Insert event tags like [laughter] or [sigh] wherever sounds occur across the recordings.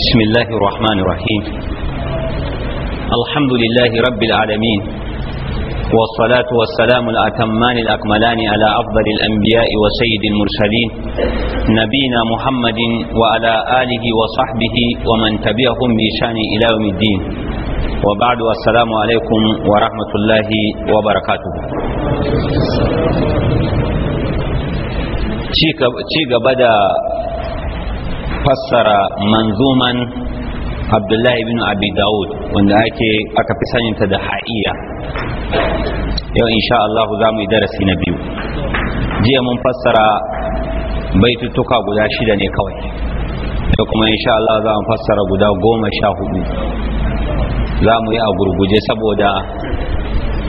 بسم الله الرحمن الرحيم الحمد لله رب العالمين والصلاة والسلام الأتمان الأكملان على أفضل الأنبياء وسيد المرسلين نبينا محمد وعلى آله وصحبه ومن تبعهم بإشان إلى يوم الدين وبعد السلام عليكم ورحمة الله وبركاته ci بدأ fassara manzuman abdullahi bin abi daud wanda ake aka fi saninta da ha'iya yau insha Allah za mu yi darasi na biyu jiya mun fassara baitutuka guda shida ne kawai da kuma insha Allah za mu fassara guda goma sha hudu za mu yi a gurguje saboda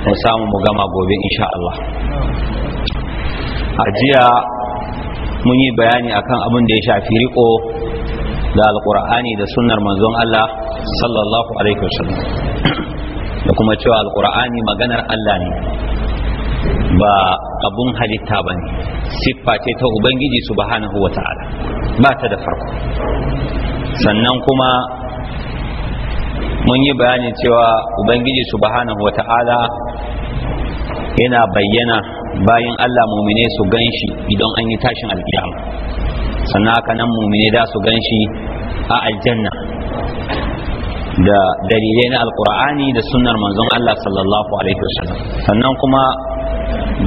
mu samu mu gama gobe insha Allah a jiya mun yi bayani akan abin da ya shafi riko da alkur'ani da sunnar manzon Allah sallallahu alaihi wasallam da kuma cewa alkur'ani maganar Allah ne ba abun halitta ba ne siffa ce ta ubangiji subhanahu wa ta'ala ba ta da farko sannan kuma mun yi bayanin cewa ubangiji subhanahu wa ta'ala yana bayyana bayan allah mumine su ganshi idan an yi tashin alkiyama sannan haka nan mumine da su ganshi a aljanna da dalilai na alkur'ani da sunnar manzon Allah sallallahu alaihi wasallam sannan kuma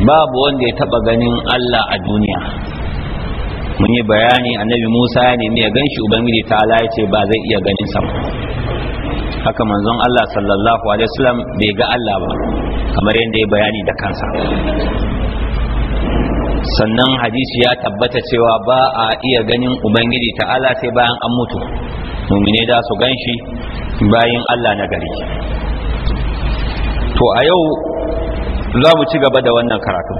babu wanda ya taba ganin Allah a duniya mun yi bayani annabi Musa ya nemi ya ganshi ubangiji ta Allah ya ce ba zai iya ganin sa haka manzon Allah sallallahu alaihi wasallam bai ga Allah ba kamar yadda ya bayani da kansa sannan hadisi ya tabbata cewa ba a iya ganin ubangiji ta'ala sai bayan an mutu mumine da su shi bayan Allah na gari to a yau za mu ci gaba da wannan karatu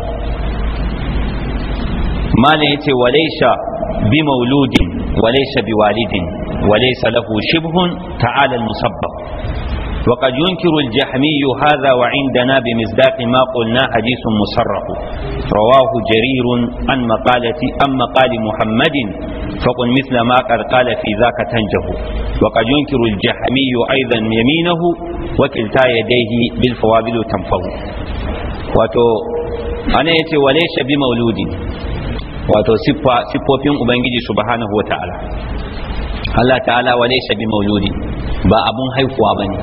mana ya ce walaisha bi mauludin walaisha bi walidin walaisa lahu shibhun ta'ala musabbab وقد ينكر الجحمي هذا وعندنا بمصداق ما قلنا حديث مصرح رواه جرير عن مقالة عن مقال محمد فقل مثل ما قد قال في ذاك تنجه وقد ينكر الجحمي أيضا يمينه وكلتا يديه بالفوابل تنفض واتو أنا يتي وليش بمولود واتو wato siffofin ubangiji subhanahu wa ta'ala Allah ta'ala ba abun haihuwa ba ne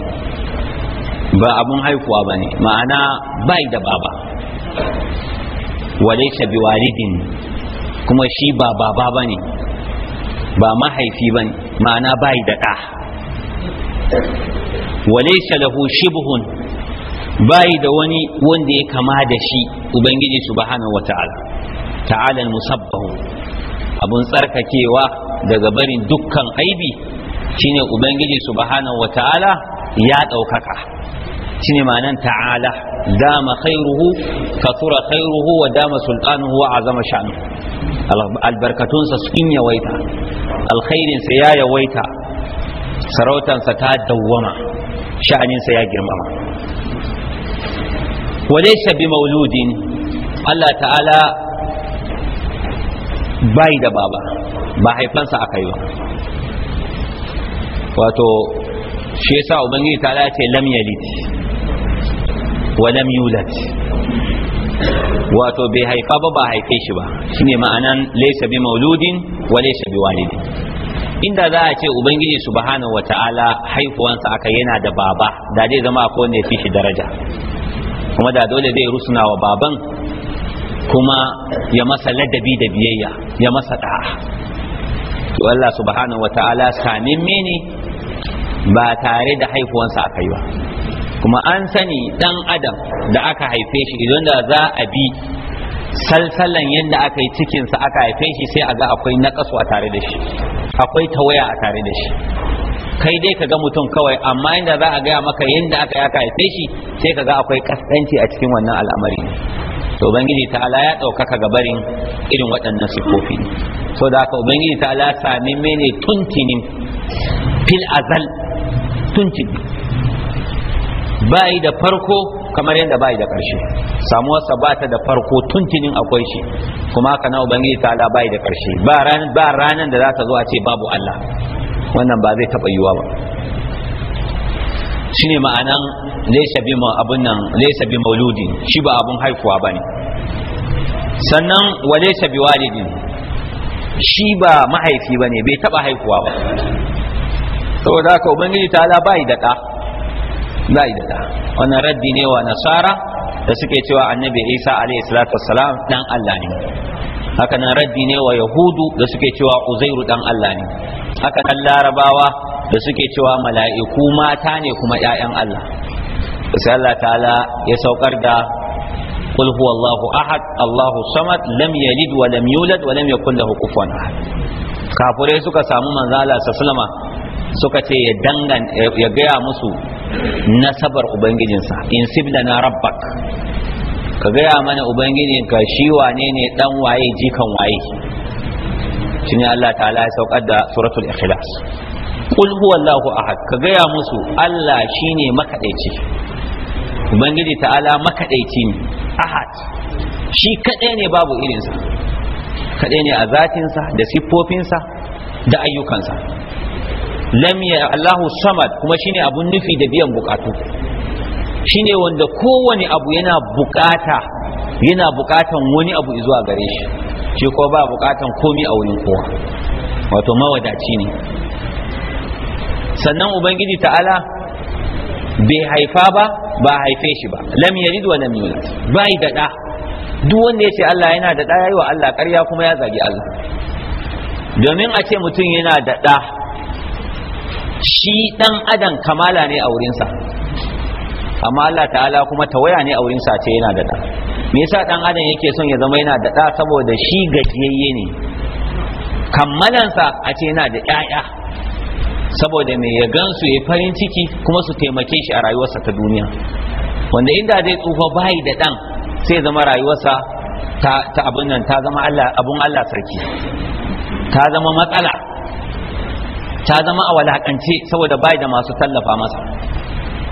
ba abun haihuwa ba ne ma'ana bai da baba walaisa bi walidin kuma shi ba baba ba ne ba mahaifi ba ne ma'ana bai da ɗa walaisa lahu shibhun bai da wani wanda ya kama da shi ubangiji subhanahu wata'ala ta'ala musabbahu abun tsarkakewa daga barin dukkan aibi shine ubangiji subhanahu wataala ya ɗaukaka shine ma'anan ta'ala dama khairuhu kathura khairuhu wa dama sultanuhu wa azama sha'nu albarkatunsa sun yawaita alkhairinsa ya yawaita sarautansa ta dawwama sha'aninsa ya girmama walaysa bi mauludin Allah ta'ala bai da baba ba haifansa aka yi ba wato shi yasa ubangiji ta ce lam yalid wa lam yulad wato bai haifa ba ba haife shi ba shine ma'anan laysa bi mauludin wa laysa bi walidin inda za a ce ubangiji subhanahu wata'ala haifuwansa aka yana da baba da zai zama ko ne fi shi daraja kuma da dole zai rusuna wa baban kuma ya masa ladabi da biyayya ya masa da'a to Allah subhanahu taala sanin mene ba tare da haifuwansa a kai ba kuma an sani dan adam da aka haife shi idan da za a bi salsalan yadda aka yi cikinsa aka haife shi sai a ga akwai nakasu a tare da shi akwai tawaya a tare da shi kai dai ka ga mutum kawai amma inda za a gaya maka yadda aka aka haife shi sai ka ga akwai kaskanci a cikin wannan al'amari to ubangiji ala ya ɗaukaka gabarin irin waɗannan siffofi so da haka ubangiji ala sami mene tuntinin fil azal mutunci bayi da farko kamar yadda ba'i da ƙarshe samuwarsa ba ta da farko tuntunin akwai shi kuma haka na ubangiji ta ala bayi da ƙarshe ba ranar da za ta zo a ce babu Allah wannan ba zai taɓa yiwuwa ba shi ne ma'anan laisa bi abun nan bi mauludin shi ba abun haifuwa bane sannan wa laisa bi walidin shi ba mahaifi ba ne bai taba haifuwa ba saboda haka ubangiji ta'ala bai da da bai da da wannan raddi ne wa nasara da suke cewa annabi isa alaihi salatu wassalam dan Allah ne haka nan raddi ne wa yahudu da suke cewa uzairu dan Allah ne haka nan larabawa da suke cewa mala'iku mata ne kuma ƴaƴan Allah sai Allah ta'ala ya saukar da قل هو الله أحد الله الصمد لم يلد ولم يولد ولم يكن له كفوا أحد kafirai suka samu manzala sa sallama suka ce ya dangan ya gaya musu nasabar ubangijinsa in sibla na rabbak ka gaya mana ubangijinka shi wane ne dan waye jikan waye shi ne Allah ta'ala ya saukar da suratul ikhlas qul huwallahu ahad ka gaya musu Allah shine makadaici ubangiji ta'ala makadaici ne ahad shi kadai ne babu irinsa kadai ne a zatinsa da siffofinsa da ayyukansa lam ya Allahu samad kuma shine abun nufi da biyan bukatu shine wanda kowane abu yana bukata yana bukatan wani abu zuwa gare shi shi ko ba bukatan komi a wurin kowa wato mawadaci ne sannan ubangiji ta'ala bai haifa ba ba haife shi ba lam yalid wa lam yulad bai da da duk wanda yace Allah yana da da yayi wa Allah ƙarya kuma ya zagi Allah domin a ce mutum yana da da shi dan adam kamala ne a wurinsa amma Allah ta'ala kuma tawaya ne a wurinsa ce yana da da me yasa dan adam yake son ya zama yana da da saboda shi gajiyayye ne kammalansa a ce yana da 'ya'ya saboda me ya gansu ya farin ciki kuma su taimake shi a rayuwarsa ta duniya wanda inda zai tsufa bayi da ɗan sai zama rayuwarsa ta abin nan ta zama abun Allah sarki ta zama matsala ta zama a walakance saboda bai da masu tallafa masa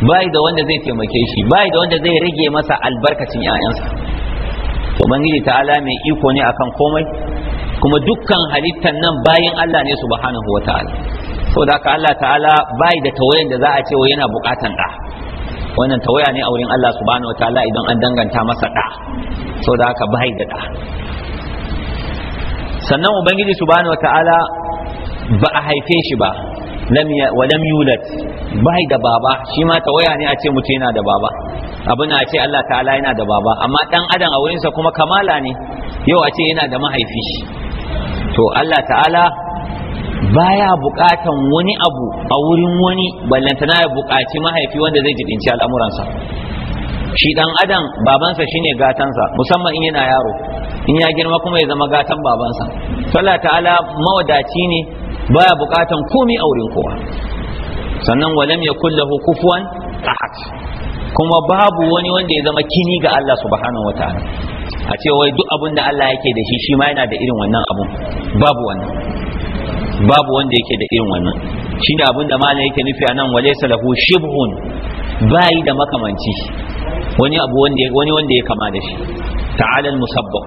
bai da wanda zai taimake shi bai da wanda zai rage masa albarkacin 'ya'yansa Ubangiji ubangiji ta'ala mai iko ne akan komai kuma dukkan halittan nan bayan Allah ne subhanahu wataala saboda haka Allah ta'ala bai da tawayan da za a ce wa yana bukatan da wannan tawaya ne a wurin Allah subhanahu ta'ala idan an danganta masa da saboda haka bai da da sannan ubangiji subhanahu ta'ala. ba a haife shi ba wa lam bai da baba shi ma tawaya ne a ce mutu yana da baba abin a ce Allah ta'ala yana da baba amma dan adam a wurinsa kuma kamala ne yau a ce yana da mahaifi to Allah ta'ala baya bukatan wani abu a wurin wani ballantana ya bukaci mahaifi wanda zai ji dinci al'amuransa shi dan adam babansa shine gatansa musamman in yana yaro in ya girma kuma ya zama gatan babansa Allah ta'ala mawadaci ne baya bukatan komi a wurin kowa sannan walam yakul lahu kufuwan ahad kuma babu wani wanda ya zama kini ga Allah subhanahu wataala a ce wai duk abin da Allah yake da shi shi ma yana da irin wannan abun babu wannan babu wanda yake da irin wannan shine abin da malam yake nufi anan walaysa lahu shibhun bai da makamanci wani abu wanda wani wanda ya kama da shi ta'ala musabbab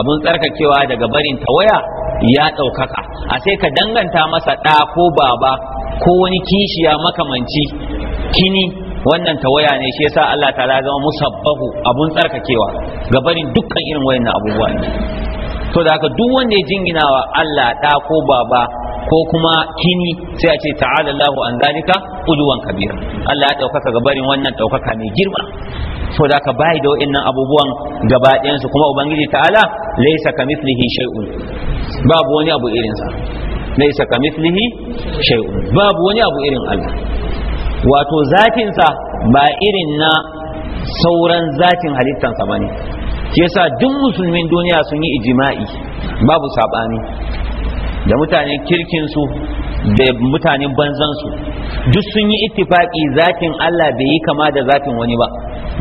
abun tsarkakewa daga barin tawaya ya ɗaukaka a sai ka danganta masa ɗa ko baba ko wani kishiya makamanci kini wannan tawaya ne shi yasa Allah ta'ala zama musabbahu abun tsarkakewa ga barin dukkan irin wayannan abubuwa ne to da haka duk wanda ya jinginawa Allah ɗa ko baba ko kuma kini sai a ce ta'ala Allahu an zalika uduwan kabira Allah ya ɗaukaka ga barin wannan ɗaukaka mai girma da ka bai da wa'annan abubuwan gaba ɗayansu kuma ubangiji ta'ala laisa mislihi shay'un babu wani abu irinsa laisa mislihi shay'un babu wani abu irin Allah wato sa ba irin na sauran zatin sa bane yasa duk musulmin duniya sun yi ijima'i babu sabani da mutanen kirkin su da mutanen su. duk sun yi ittifaki zakin Allah bai yi kama da zatin wani ba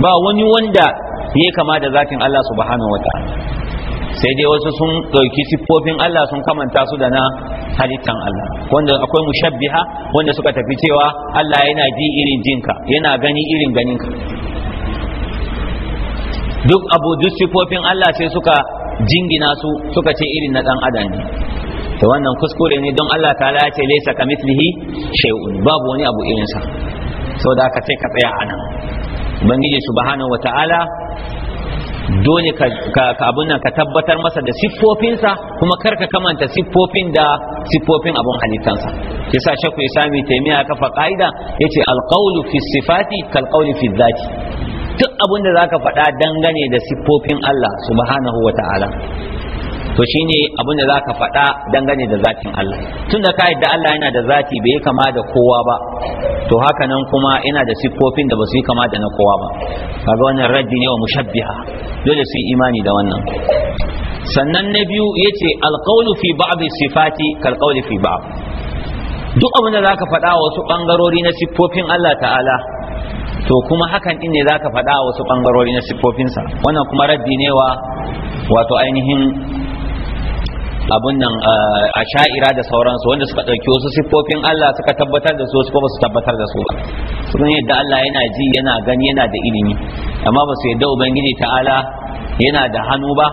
ba wani wanda ya kama da zatin Allah subhanahu wa ta'ala sai dai wasu sun ɗauki siffofin Allah sun kamanta su da na halittan Allah wanda akwai mushabbiha wanda suka tafi cewa Allah yana ji irin jinka yana gani irin ganinka duk abu duk siffofin Allah sai suka jingina su suka ce irin na ɗan adam to wannan kuskure ne don Allah ta ya ce ka kamithlihi shay'un babu wani abu irin sa saboda haka sai ka tsaya anan ubangiji subhanahu wata'ala dole ka abun nan ka tabbatar masa da siffofinsa kuma kar ka kamanta siffofin da siffofin abun halittansa yasa shakku ya sami taimiya kafa ka'ida yace alqawlu fi sifati kalqawli fi dhati duk abun da zaka faɗa dangane da siffofin Allah subhanahu wata'ala to shine abin da zaka faɗa dangane da zatin Allah tunda ka yadda Allah yana da zati bai kama da kowa ba to haka nan kuma yana da siffofin da ba su yi kama da na kowa ba kaga wannan raddi ne wa mushabbiha dole su yi imani da wannan sannan na biyu yace alqawlu fi ba'd sifati kal fi ba'd duk abin da zaka faɗa wasu bangarori na siffofin Allah ta'ala to kuma hakan din ne zaka faɗa wasu bangarori na siffofinsa wannan kuma raddi ne wa wato ainihin abun nan a sha'ira da sauransu wanda suka ɗauki wasu siffofin Allah suka tabbatar da su wasu ba su tabbatar da su ba sun yadda Allah yana ji yana gani yana da ilimi amma ba su yadda ubangiji ta'ala yana da hannu ba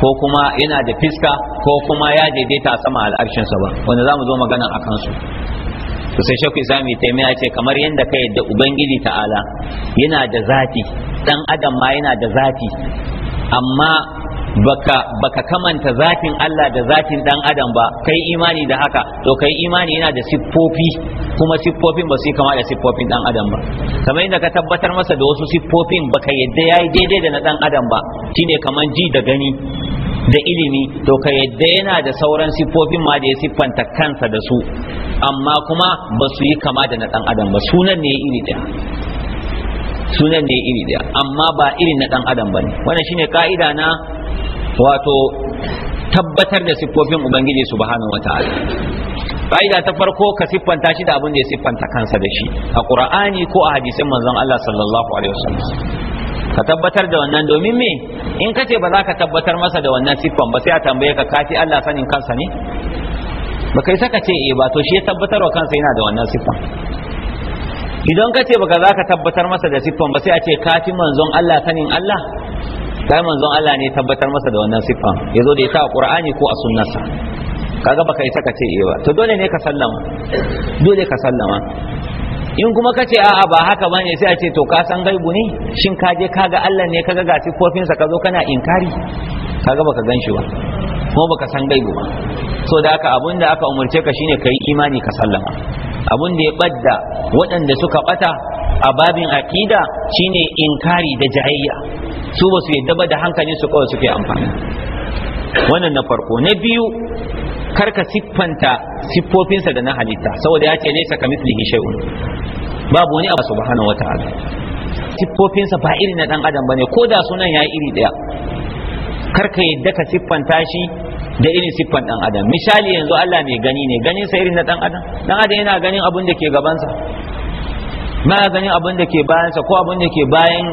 ko kuma yana da fiska ko kuma ya daidaita a sama al'arshinsa ba wanda za mu zo magana a kansu to sai shakku islami ce kamar yadda ka yadda ubangiji ta'ala yana da zati dan adam ma yana da zafi amma baka baka kamanta zatin Allah da zatin dan adam ba kai imani da haka to kai imani yana da siffofi kuma siffofin ba su kama da siffofin dan adam ba kamar inda ka tabbatar masa da wasu siffofin baka yadda yayi daidai da na dan adam ba shine kaman ji da gani da ilimi to ka yadda yana da sauran siffofin ma da ya siffanta kansa da su amma kuma ba su yi kama da na dan adam ba sunan ne iri daya sunan ne iri daya amma ba irin na dan adam bane wannan shine ka'ida na wato tabbatar da siffofin ubangiji subhanahu wataala ƙa'ida ta farko ka siffanta shi da abin da ya siffanta kansa da shi a qur'ani ko a hadisin manzon Allah sallallahu alaihi wasallam ka tabbatar da wannan domin me in ka ce ba za ka tabbatar masa da wannan siffan ba sai a tambaye ka kafi Allah sanin kansa ne ba kai saka ce eh ba to shi ya tabbatar wa kansa yana da wannan siffan idan ka ce ka za ka tabbatar masa da siffan ba sai a ce kafi manzon Allah sanin Allah sai manzon Allah ne tabbatar masa da wannan siffan yazo da ita a Qur'ani ko a sunnarsa kaga baka ita ka ce eh ba to dole ne ka sallama dole ka sallama in kuma ka ce a'a ba haka bane sai a ce to ka san gaibu ne shin ka je ka ga Allah ne kaga ga siffofinsa ka zo kana inkari kaga baka ganshi ba kuma baka san gaibu ba so da haka abin da aka umarce ka shine kai imani ka sallama abin da ya badda waɗanda suka bata a babin aqida shine inkari da jayayya su ba su yi daba da hankali su kawai suke amfani wannan na farko na biyu karka siffanta siffofinsa da na halitta saboda ya ce ne saka mislihi shay'un babu wani abu subhanahu wataala siffofinsa ba irin na dan adam bane ko da sunan ya iri daya karka yadda ka siffanta shi da irin siffan dan adam misali yanzu Allah mai gani ne ganin sa irin na dan adam dan adam yana ganin abun da ke gabansa ba ganin abin da ke bayansa ko abin da ke bayan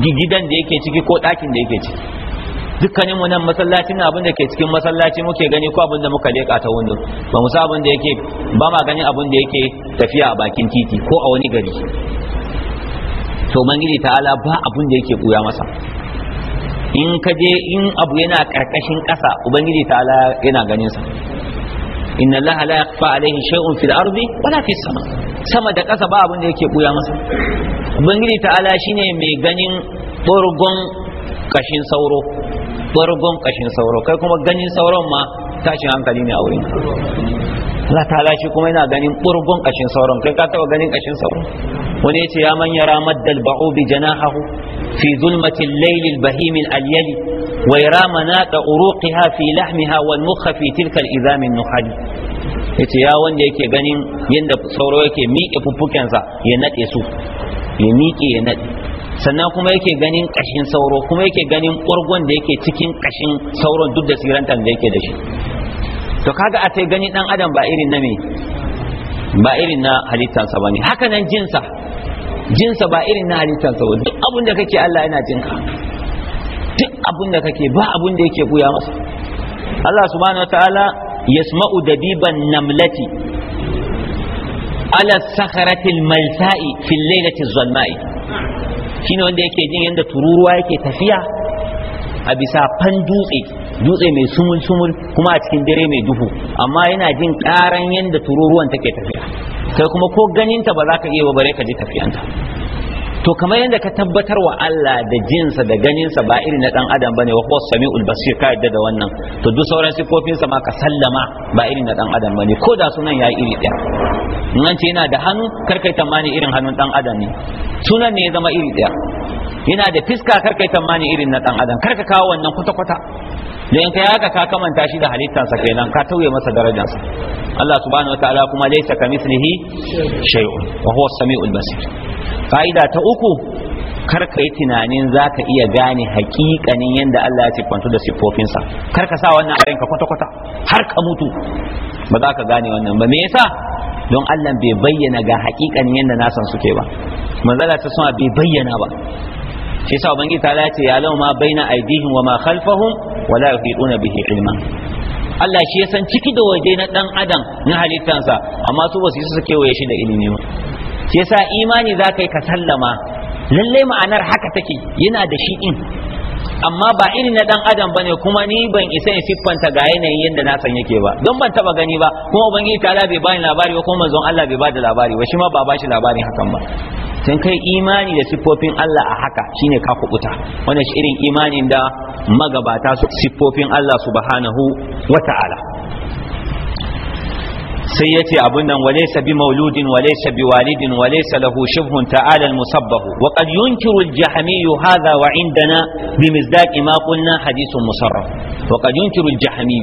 gidan da yake ciki ko ɗakin da yake ciki dukkanin mu nan masallacin abin da ke cikin masallaci muke gani ko abin da muka leka ta wundun ba mu abin da yake ba ma ganin abin da yake tafiya a bakin titi ko a wani gari to mangiji ta'ala ba abin da yake buya masa in ka je in abu yana karkashin ƙasa ubangiji ta'ala yana ganin sa inna Allah la yaqfa alaihi shay'un fil ardi wala fis sama sama da ƙasa ba abin da yake buya masa ubangiji ta'ala shine mai ganin burgon kashin sauro burgon kashin sauro kai kuma ganin sauron ma tashin hankali ne a wurin Allah ta kuma yana ganin burgun kashin sauron kai ka taba ganin kashin sauron wani yace ya man yara maddal ba'u bi janahahu fi zulmati al-layl al-bahim al-alyali wa yara uruqiha fi lahmiha wal mukha fi tilka al-idham an-nuhal yace ya wanda yake ganin yanda sauro yake miƙe fuffukensa ya nade su ya miƙe ya nade sannan kuma yake ganin kashin sauro kuma yake ganin ƙwargon da yake cikin kashin sauron duk da sirantar da yake da shi to kaga a sai gani dan adam ba irin na me ba irin na halittarsa ba ne haka jinsa jinsa ba irin na halittarsa ba duk abin da kake Allah yana jinka duk abin da kake ba abin da yake buya masa Allah subhanahu wataala yasma'u dabiban namlati ala sakharatil malsa'i fil lailati zulma'i shine wanda yake jin yadda tururuwa yake tafiya a bisa fan dutse dutse mai sumul sumul kuma a cikin dare mai duhu amma yana jin karan yadda tururuwan take tafiya sai kuma ko ganinta ba za ka iya bare ka ji tafiyanta to kamar yadda ka tabbatar wa Allah da jinsa da ganinsa ba iri na dan adam bane wa huwa samiul basir ka yadda da wannan to duk sauran sa ma ka sallama ba iri na dan adam bane ko da sunan yi iri ɗaya in ce yana da hannu kar kai tamani irin hannun dan adam ne sunan ne ya zama iri ɗaya yana da fiska kar kai tamani irin na dan adam kar ka kawo wannan kwata kwata dan kai haka ka kamanta shi da halittansa kenan ka tauye masa darajarsa Allah subhanahu wataala kuma laysa kamithlihi shay'un wa huwa as-sami'ul basir fa'ida ta uku kar kayi yi tunanin za ka iya gane hakikanin yadda Allah ya siffantu da siffofinsa kar ka sa wannan a ranka kwata-kwata har ka mutu ba za ka gane wannan ba me yasa don Allah bai bayyana ga hakikanin yadda nasan suke ba manzala ta sama bai bayyana ba shi yasa ubangi ta lace ya lau ma baina aidihim wa ma khalfahum wa la yuhiduna bihi ilma Allah shi ya san ciki da waje na dan adam na halittansa amma su basu su kewaye shi da ilimi ba shi yasa imani za ka yi ka sallama lallai ma'anar haka take yana da shi din amma ba iri na dan adam bane kuma ni ban isa in siffanta ga yanayin yadda na san yake ba don ban taba gani ba kuma ubangiji ta bai bani labari ba kuma manzon Allah bai bada labari ba shi ma ba ba shi labarin hakan ba sun kai imani da siffofin Allah a haka shine ka kubuta wannan shi irin imanin da magabata su siffofin Allah subhanahu wata'ala sai ya ce abun nan walaysa bi mauludin walaysa bi walidin wale lahu shibhun ta'ala al musabbahu wa qad yunkiru al jahmi hadha wa indana bi mizdaqi ma qulna hadithun musarraf wa qad yunkiru al jahmi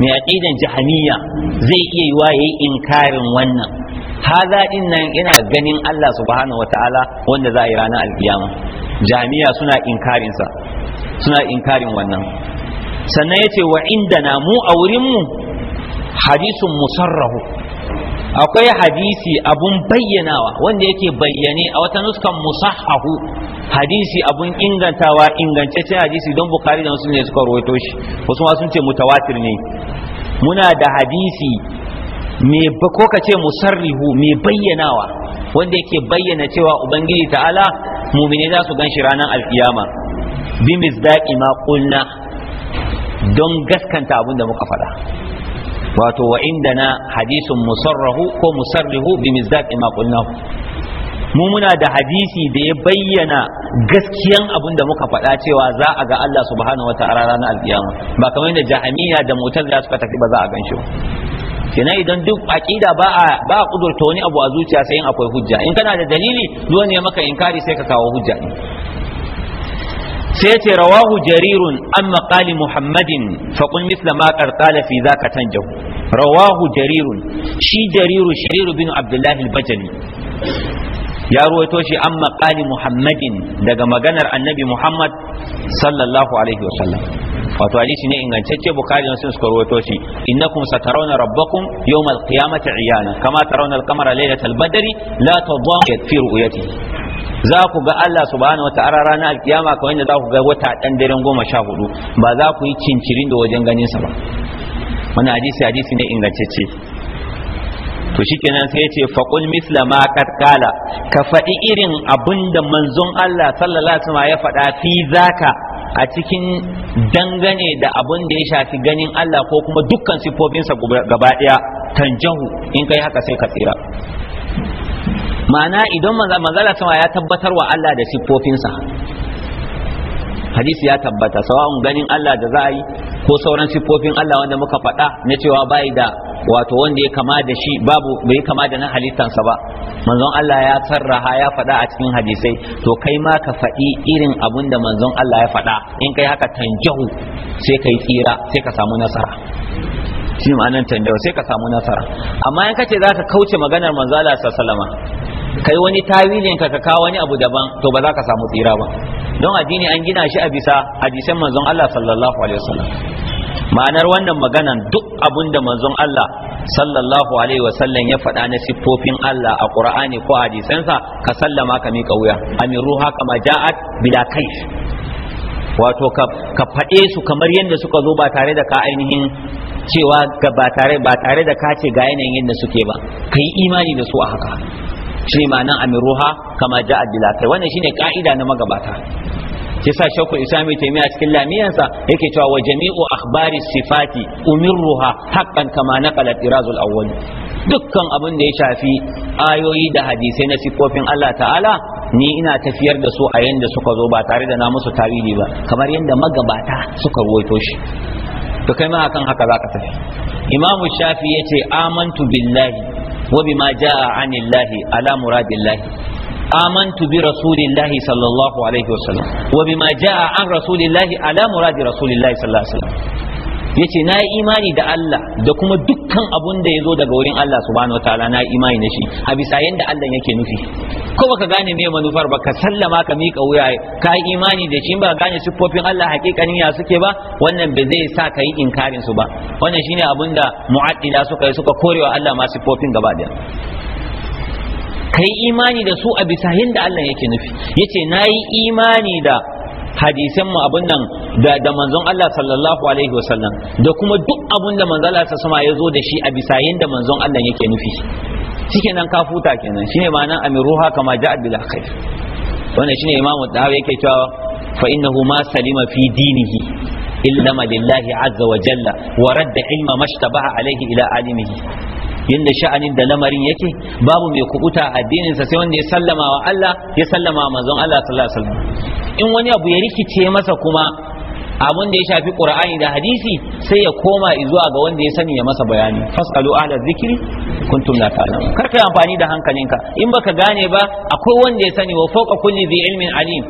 mai aqidan jahmiya zai iya yiwa yayi inkarin wannan hadha din nan ina ganin Allah subhanahu ta'ala wanda za a yi ranar alkiyama jami'a suna inkarin sa suna inkarin wannan sannan yace wa indana mu a wurin mu hadisun musarrahu akwai hadisi abun bayyanawa wanda yake bayyane a wata nuskan musahahu hadisi abun ingantawa ce hadisi don bukari da wasu ne suka rawaito shi wasu ma sun ce mutawatir ne muna da hadisi me ko ka ce musarrihu mai bayyanawa wanda yake bayyana cewa ubangiji ta'ala mumine za su gan shi ranar alkiyama bi mizdaqi ma qulna don gaskanta abin da muka faɗa wato wa indana hadisin musarrahu ko musarrihu bi mizdaq ma qulnahu mu muna da hadisi da ya bayyana gaskiyan abin da muka faɗa cewa za a ga Allah subhanahu wata'ala ranar alkiyama ba kamar yadda jahamiya da da suka tafi ba za a ganshi kenan idan duk aƙida ba a ba a kudurta wani abu a zuciya sai in akwai hujja in kana da dalili duk ya maka inkari sai ka kawo hujja sai ce rawahu jarirun an maƙali muhammadin faƙun misla ma ƙarƙala fi za ka tanjahu rawahu jarirun shi jariru shariru bin abdullahi al-bajali ya ruwaito shi an maƙali muhammadin daga maganar annabi muhammad sallallahu alaihi wasallam wato hadisi ne ingantacce bukari sun suka ruwaito shi innakum satarawna rabbakum yawm al-qiyamati iyana kama tarawna al-qamara laylatal badri la tadhamu fi ru'yatihi za ku ga Allah subhanahu wata'ala ranar alkiyama kamar yadda za ku ga wata ɗan daren goma sha hudu ba za ku yi cincirin da wajen ganin sa ba wani hadisi hadisi ne ingantacce to shikenan sai ya ce faqul misla ma qad qala ka faɗi irin abinda manzon Allah sallallahu alaihi wasallam ya faɗa fi zaka a cikin dangane da abin ya shafi ganin Allah ko kuma dukkan sifofinsa gaba daya tanjahu in kai haka sai ka tsira ma'ana idan manzon sama ya tabbatar wa Allah da siffofinsa hadisi ya tabbata sawa'un ganin Allah da za a yi ko sauran siffofin Allah wanda muka faɗa na cewa bai da wato wanda ya kama da shi babu bai kama da na halittansa ba manzon Allah ya sarraha ya faɗa a cikin hadisai to kai ma ka faɗi irin abinda da manzon Allah ya faɗa in kai haka tanjahu sai kai tsira sai ka samu nasara shi ma'anar tanjahu sai ka samu nasara amma in kace ka kauce maganar manzon Allah sallallahu alaihi kai wani tawilin ka ka kawo wani abu daban to ba za ka samu tsira ba don addini an gina shi a bisa hadisan manzon Allah sallallahu alaihi wasallam ma'anar wannan maganan duk abun da manzon Allah sallallahu alaihi wasallam ya faɗa na siffofin Allah a Qur'ani ko sa ka sallama ka miƙa wuya amiruha kama ja'at bila kaif wato ka faɗe su kamar yadda suka zo ba tare da ka ainihin cewa ba tare ba tare da ka ce ga yanayin yadda suke ba ka imani da su a haka shine ma'anan amiruha kama ja'a bila kai wannan shine ka'ida na magabata yasa shakul islami taimiya cikin lamiyansa yake cewa wa jami'u akhbari sifati umirruha haqqan kama naqala tirazul awwal dukkan abin da ya shafi ayoyi da hadisai na sifofin Allah ta'ala ni ina tafiyar da su a yanda suka zo ba tare da na musu tawili ba kamar yanda magabata suka ruwaito shi to kai ma akan haka zaka tafi imamu shafi yace amantu billahi وبما جاء عن الله على مراد الله آمنت برسول الله صلى الله عليه وسلم وبما جاء عن رسول الله على مراد رسول الله صلى الله عليه وسلم yace na yi imani da Allah da kuma dukkan abun da ya zo daga wurin Allah subhanahu wataala na yi imani da shi a bisa yadda Allah yake nufi ko baka gane me manufar ba ka sallama ka mika wuya ka yi imani da shi ba ka gane siffofin Allah hakikanin ya suke ba wannan ba zai sa ka yi inkarin su ba wannan shine abun da mu'addila suka yi suka korewa Allah ma siffofin gaba daya kai imani da su a bisa yadda Allah yake nufi yace nayi imani da hadisan mu abun nan da da manzon Allah sallallahu alaihi wasallam da kuma duk abun da manzon Allah sama ya zo da shi a bisa yanda manzon Allah yake nufi shikenan ka futa kenan shine ma'anan amiruha kama ja'a bil khair wannan shine Imam da yake cewa fa innahu ma salima fi dinihi illa lillahi azza wa jalla wa radda ilma mashtabaha alaihi ila alimihi yadda sha'anin da lamarin yake babu mai kubuta addininsa sai wanda ya sallama wa Allah ya sallama wa manzon Allah sallallahu alaihi wasallam in wani abu ya rikice masa kuma abun da ya shafi qur'ani da hadisi sai ya koma zuwa ga wanda ya sani ya masa bayani fasalu ala zikri kuntum la ta'lamun kar ka amfani da hankalinka in baka gane ba akwai wanda ya sani wa fawqa kulli dhi ilmin alim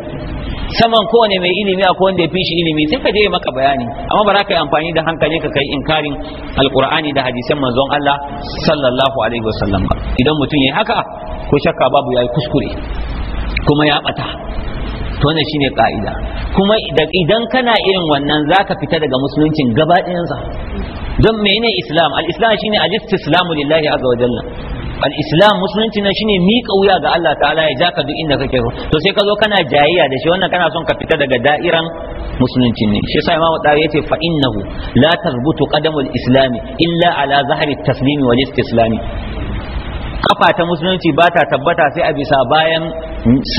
saman kowane mai ilimi a wanda ya fi shi ilimi sai ka je maka bayani amma ba za ka yi amfani da hankali ka kai inkarin alkur'ani da hadisan manzon Allah sallallahu alaihi wasallam ba idan mutum yayi haka ko shakka babu yayi kuskure kuma ya bata to wannan shine ka'ida kuma idan kana irin wannan zaka fita daga musuluncin gaba ɗayansa don menene islam al-islam shine al-istislamu lillahi azza wa jalla al-islam musulunci nan shine miƙa wuya ga Allah ta'ala ya ja ka duk inda kake so to sai ka zo kana jayayya da shi wannan kana son ka fita daga da'iran musulunci ne shi yasa imamu dawi yace ce innahu la tarbutu qadamul islami illa ala zahri taslimi wal istislami kafa ta musulunci ba ta tabbata sai a bisa bayan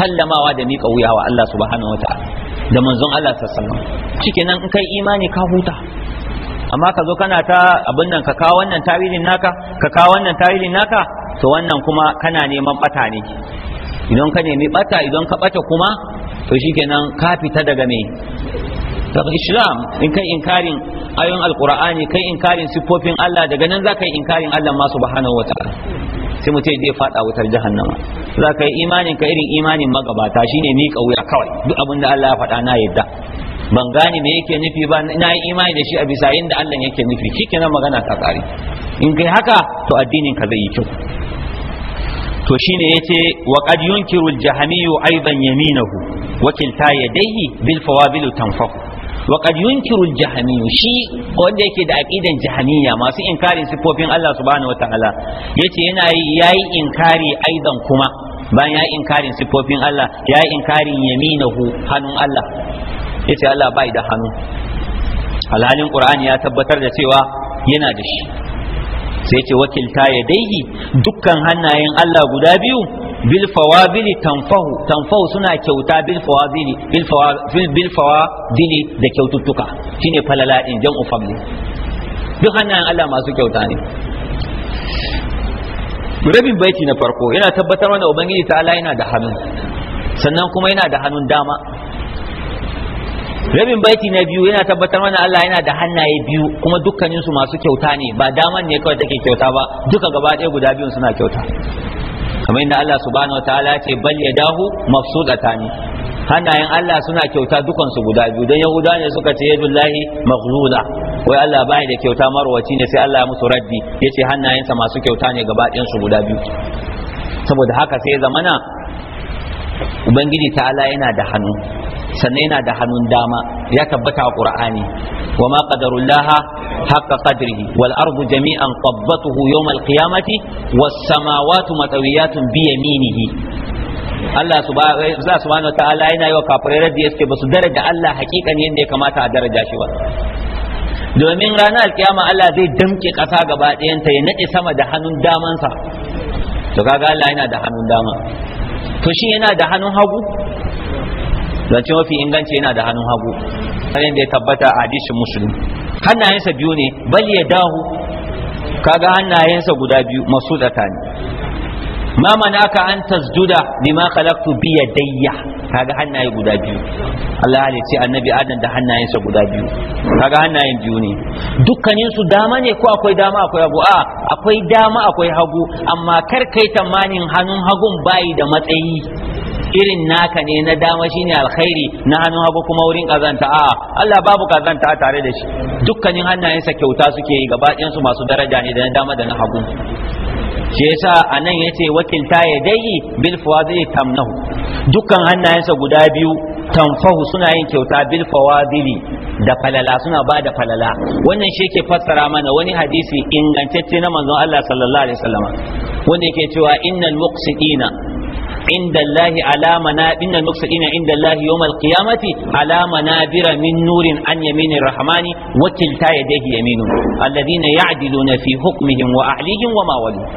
sallamawa da miƙa wuya wa Allah subhanahu wa ta'ala da manzon Allah sallallahu alaihi wasallam in kai imani ka huta amma ka zo kana ta abin nan ka kawo wannan tawilin naka ka kawo wannan tawilin naka to wannan kuma kana neman bata ne idan ka nemi bata idan ka bata kuma to shikenan ka fita daga me daga islam in kai inkarin ayoyin alqur'ani kai inkarin siffofin Allah daga nan zaka yi inkarin Allah ma subhanahu wataala sai mu ce zai fada wutar jahannama zaka yi imanin ka irin imanin magabata shine mika wuya kawai duk abin da Allah ya faɗa na yadda ban gane me yake nufi ba na yi imani da shi a bisa yadda Allah yake nufi shikenan magana ta kare in kai haka to addinin ka zai yi kyau to shine yace wa qad yunkiru al-jahmiyyu aidan yaminahu wa kilta yadayhi bil fawabil tanfaku wa qad yunkiru al shi wanda yake da aqidan jahmiyya masu inkarin sifofin Allah subhanahu wataala yace yana yayi inkari aidan kuma bayan ya inkarin sifofin Allah ya inkarin yaminahu hannun Allah yace Allah bai da hannu alhalin qur'ani ya tabbatar da cewa yana da shi sai ce wakilta ya daihi dukkan hannayen Allah guda biyu bil fawabili tanfahu tanfahu suna kyauta bil fawabili bil fawabili da kyaututtuka shine falala din jam'u duk hannayen Allah masu kyauta ne rabin baiti na farko yana tabbatar da ubangiji ta Allah yana da hannu sannan kuma yana da hannun dama rabin baiti na biyu yana tabbatar mana Allah yana da hannaye biyu kuma dukkanin su masu kyauta ne ba daman ne kawai take kyauta ba duka gaba ɗaya guda biyun suna kyauta kamar inda Allah subhanahu wataala ce bal yadahu mafsudatan hannayen Allah suna kyauta dukan su guda biyu Dan Yahuda ne suka ce yadullahi maghluda wai Allah bai da kyauta marwaci ne sai Allah ya musu raddi yace hannayensa masu kyauta ne gaba ɗayan su guda biyu saboda haka sai zamana ubangiji ta'ala yana da hannu sannan yana da hannun dama ya tabbata a qur'ani wa ma qadarullaha haqqa qadrihi wal ardu jami'an qabbatuhu yawm al qiyamati was samawati matawiyatun bi yaminihi Allah subhanahu wa ta'ala yana yi wa kafirai ya suke ba su daraja Allah hakikan yadda ya kamata a daraja shi ba domin ranar alkiyama Allah zai damke kasa gaba ɗayanta ya naɗe sama da hannun damansa to kaga Allah yana da hannun dama to shi yana da hannun hagu zance mafi inganci yana da hannun hagu Wani da ya tabbata a hadisin musulun. hannayensa biyu ne bal ya dahu kaga hannayensa guda biyu masu ne ma manaka an tasjuda lima khalaqtu bi yadayya kaga hannaye guda biyu Allah ya ce annabi Adam da hannayensa guda biyu kaga hannayen biyu ne dukkanin su dama ne ko akwai dama akwai hagu a akwai dama akwai hagu amma kar kai tamanin hannun hagun bayi da matsayi irin naka ne na dama shine alkhairi na hannun hagu kuma wurin kazanta a Allah babu kazanta tare da shi dukkanin hannayensa kyauta suke yi gaba su masu daraja ne da na dama da na hagu shi yasa ya ce wakilta ya yadayhi bil fawadil tamnahu dukkan hannayensa guda biyu tamfahu suna yin kyauta bil fawadili da falala suna ba da falala wannan shi yake fassara mana wani hadisi ingantacce na manzon Allah sallallahu alaihi wasallam wanda yake cewa innal muqsidina عند الله على منا إن المقصدين عند الله يوم القيامة على منابر من نور عن يمين الرحمن وكلتا يديه يمين الذين يعدلون في حكمهم وأعليهم وما ولوا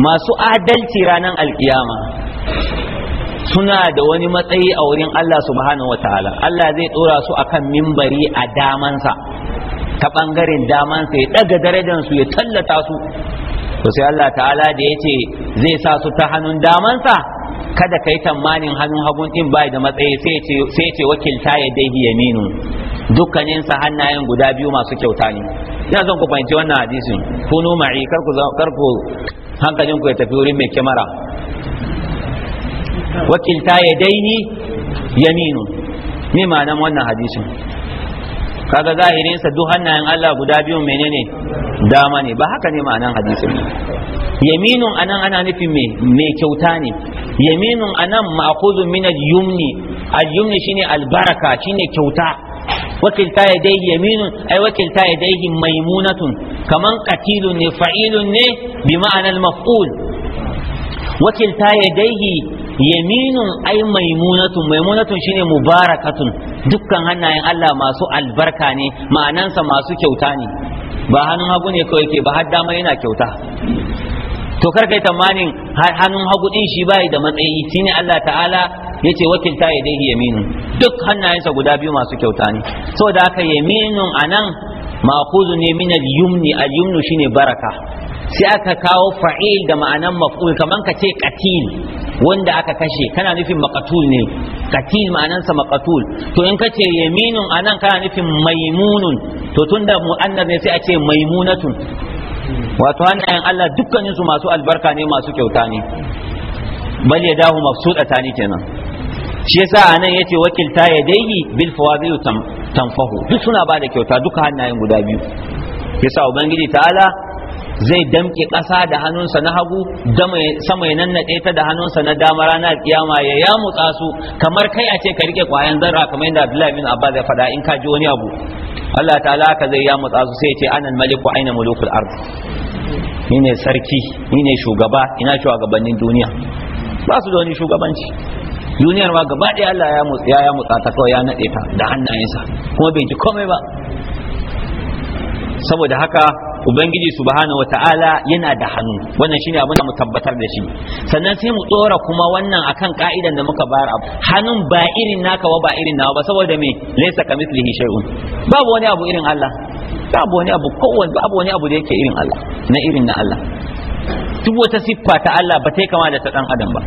masu adalci ranar alkiyama suna da wani matsayi a wurin Allah subhanahu Ta'ala. Allah zai tsora su akan mimbari a damansa ta bangaren damansa ya daga su, ya tallata su to sai Allah ta'ala da ya ce zai sa su ta hannun damansa kada ka yi tamanin hannun hagun din bai da matsayi sai ce wakilta ya dai yaminu dukkanin sa hannayen guda biyu masu kyauta ne ina son ku fahimci wannan hadisin kunu ma'i kar ku hankalin ku ya tafi wurin mai kyamara wakilta ya daini yaminu ne ma'anan wannan hadisin kaga zahirin sa duk hannayen Allah guda biyu menene dama ne ba haka ne ma'anan hadisin yaminun anan ana nufin me me kyauta ne yaminun anan ma'khuzun min al-yumni al-yumni shine al-baraka, albaraka shine kyauta wakilta yadayhi yaminun ay wakilta yadayhi maimunatun kaman qatilun ne fa'ilun ne bi ma'anar maf'ul wakilta yadayhi yaminun ai maimunatun maimunatun shine mubarakatun dukkan hannayen Allah masu albarka ne ma'anansa masu kyauta ne ba hannun hagu ne kawai ke ba har dama yana kyauta to kar kai tamanin hannun hagu din shi bai da matsayi shine Allah ta'ala yace wakilta ya dai yaminu duk hannayensa guda biyu masu kyauta ne saboda haka yaminu anan ma'khuzun ne min al-yumni al-yumnu shine baraka sai aka kawo fa'il da ma'anan maf'ul kaman ka ce qatil wanda aka kashe kana nufin maqatul ne qatil ma'anansa maqatul to in ka ce yaminun anan kana nufin maimunun to tunda mu'annas ne sai a ce maimunatun wato hannayen Allah dukkaninsu masu albarka ne masu kyauta ne bal ya dahu mafsudata ne kenan shi yasa anan yace wakilta ya daihi bil fawadilu tanfahu duk suna ba da kyauta duka hannayen guda biyu yasa ubangiji ta'ala zai damke ƙasa da hannunsa na hagu sama ya nannaɗe ta da hannunsa na dama ranar kiyama ya yamutsa su kamar kai a ce ka rike kwayan zarra kamar yadda Abdullahi bin Abba zai faɗa in ka ji wani abu Allah ta'ala ka zai yamutsa su sai ya ce anan maliku aina mulukul ard ni ne sarki ni ne shugaba ina shugabannin duniya ba su da wani shugabanci duniyar ma gaba ɗaya Allah ya yamutsa ta kawai ya naɗe ta da hannayensa kuma bai ji komai ba saboda haka ubangiji subhanahu wataala yana da hannu wannan shine abin da mu tabbatar da shi sannan sai mu dora kuma wannan akan ka'idan da muka bayar abu hannun ba irin naka ba ba irin nawa ba saboda me laysa kamithlihi shay'un babu wani abu irin Allah babu wani abu kowanne babu wani abu da yake irin Allah na irin na Allah duk wata siffa ta Allah ba ta kama da ta dan adam ba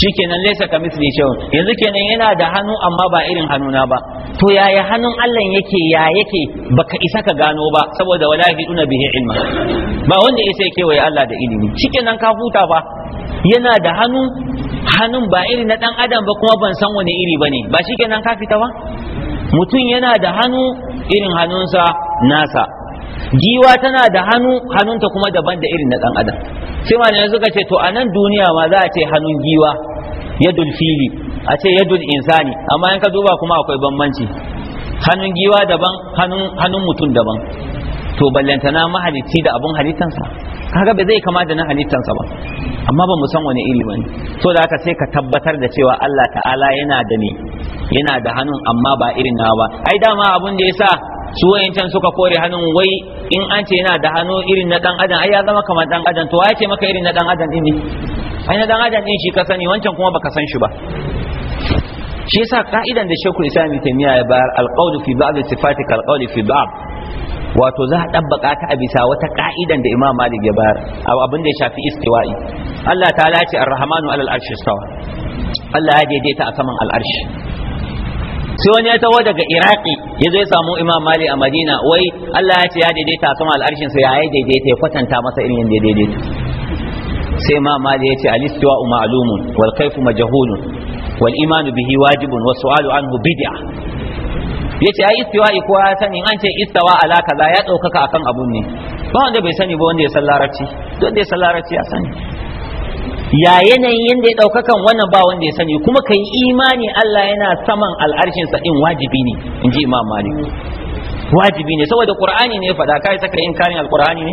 shikenan laysa misli shay'un yanzu kenan yana da hannu amma ba irin hannuna ba to yaya hannun Allah yake ya yake baka isa ka gano ba saboda wala yaqiduna bihi ilma ba wanda ya sai kewaye Allah da ilimi shikenan ka huta ba yana da hannu hannun ba iri na dan adam ba kuma ban san wani iri bane ba shikenan ka fita ba mutum yana da hannu irin hannunsa nasa giwa tana da hannu hannunta kuma daban da irin na dan adam sai yanzu suka ce to a nan duniya ma za a ce hannun giwa yadul fili a ce yadul insani amma yanka duba kuma akwai bambanci hannun giwa daban hannun mutum daban to ballantana mahalicci da abun halittansa kaga ba zai kama da na halittansa ba amma ba mu san wani iri bane so da haka sai ka tabbatar da cewa Allah ta'ala yana da ne yana da hannun amma ba irin nawa ba ai dama abun da yasa su wayancan suka kore hannun wai in an ce yana da hannu irin na dan adam ai ya zama kamar dan adam to waye ce maka irin na dan adam din ne ai na dan adam din shi ka sani wancan kuma baka san shi ba shi yasa ka'idan da shekul islam ibn taymiya ya bayar alqawlu fi ba'd sifati kalqawli fi ba'd wato za a dabbaka ta a bisa wata ka'idan da imam malik ya bayar abin da ya shafi istiwa'i Allah ta ce ar-rahmanu alal arshi istawa Allah ya daidaita a saman al-arshi sai wani ya taho daga iraki ya zo ya samu imam mali a madina wai allah ya ce ya daidaita sama al'arshin sa ya yi daidaita ya kwatanta masa irin yadda daidaita sai imam mali ya ce alistiwa ma'lumun wal kaifu majhulun wal imanu bihi wajibun wa su'alu anhu bid'a yace ai istiwa'i ko ya sani an ce istawa ala kaza ya daukaka akan abun ne ba wanda bai sani ba wanda ya san don da ya san ya sani ya yanayin yadda ya ɗaukakan wannan ba wanda ya sani kuma ka yi imani Allah yana saman al'arshinsa ɗin wajibi ne in ji imam malik wajibi ne saboda qur'ani ne faɗa kai saka yin karin alqur'ani ne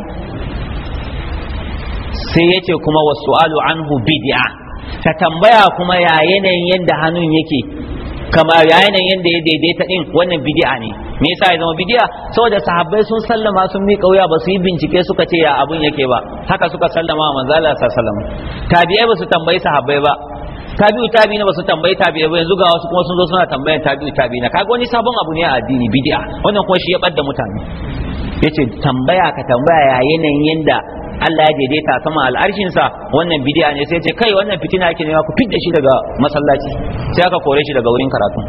sai yace kuma wasu alu an anhu bid'a ka tambaya kuma ya yanayin yadda hannun yake kama yayin yanda ya daidaita din wannan bid'a ne me yasa ya zama bid'a saboda sahabbai sun sallama sun miƙa wuya ba su yi bincike suka ce ya abun yake ba haka suka sallama wa manzo Allah sallallahu alaihi wasallam tabi'ai ba su tambayi sahabbai ba tabi'u na ba su tambayi tabi'ai ba yanzu ga wasu kuma sun zo suna tambayan tabi'u na kaga wani sabon abu ne a addini bid'a wannan kuma shi ya badda mutane yace tambaya ka tambaya ya yanayin yanda Allah ya daidaita sama al'arshin sa wannan bidiya ne sai ce kai wannan fitina yake ne ku fidda shi daga masallaci sai aka kore shi daga wurin karatu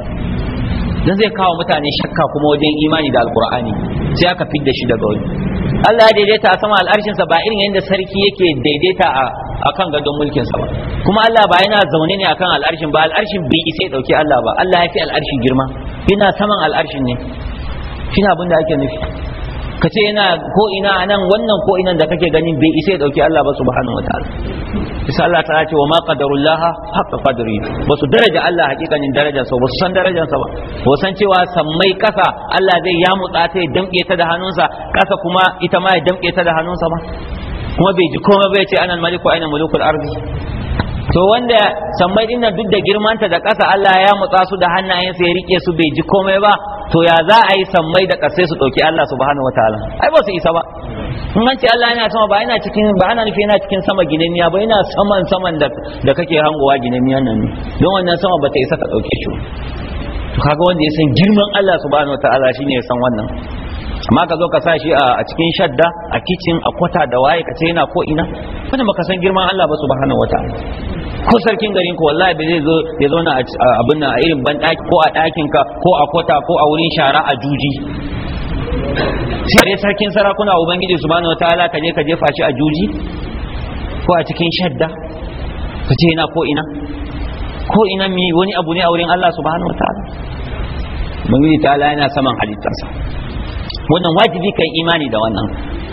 dan zai kawo mutane shakka kuma wajen imani da alqur'ani sai aka fidda shi daga wurin Allah ya daidaita a sama al'arshin sa ba irin yadda sarki yake daidaita a akan gadon mulkin sa ba kuma Allah ba yana zaune ne akan al'arshin ba al'arshin bai isa dauki Allah ba Allah ya fi al'arshi girma yana saman al'arshin ne shine abin da ake nufi ka ce yana ko ina nan wannan ko inan da kake ganin bai isa ya dauki Allah ba subhanahu wataala isa Allah ta ce wa ma qadarullah haqqa qadri ba su daraja Allah hakikanin darajar sa ba su san darajar sa ba ba san cewa sammai kasa Allah zai ya mutsa ta ya damke ta da hannunsa kasa kuma ita ma ya damke ta da hannunsa ba kuma bai ji kuma bai ce anan maliku aina mulukul ardi to wanda sammai din duk da girmanta da ƙasa Allah ya mutsa su da hannayensa ya rike su bai ji komai ba to ya za a yi sammai da ƙasai su ɗauki Allah subhanahu wataala ai ba su isa ba in an ce Allah yana sama ba yana cikin ba ana nufi yana cikin sama gineniya ba yana saman saman da da kake hangowa ginanniya nan ne don wannan sama ba ta isa ka ɗauke shi to kaga wanda ya san girman Allah subhanahu wataala shine ya san wannan amma ka zo ka sa shi a cikin shadda a kicin a kwata da waye ka ce yana ko ina wanda baka san girman Allah ba subhanahu wataala ko sarkin garin ku wallahi bai zai zo ya zauna abin nan a irin ban daki ko a dakin ka ko a kwata ko a wurin shara a juji sai sarkin sarakuna ubangiji subhanahu wataala ka je ka jefa shi a juji ko a cikin shadda ka ce yana ko ina ko ina mi wani abu ne a wurin Allah subhanahu wataala ubangiji ta'ala yana saman halittarsa wannan wajibi kai imani da wannan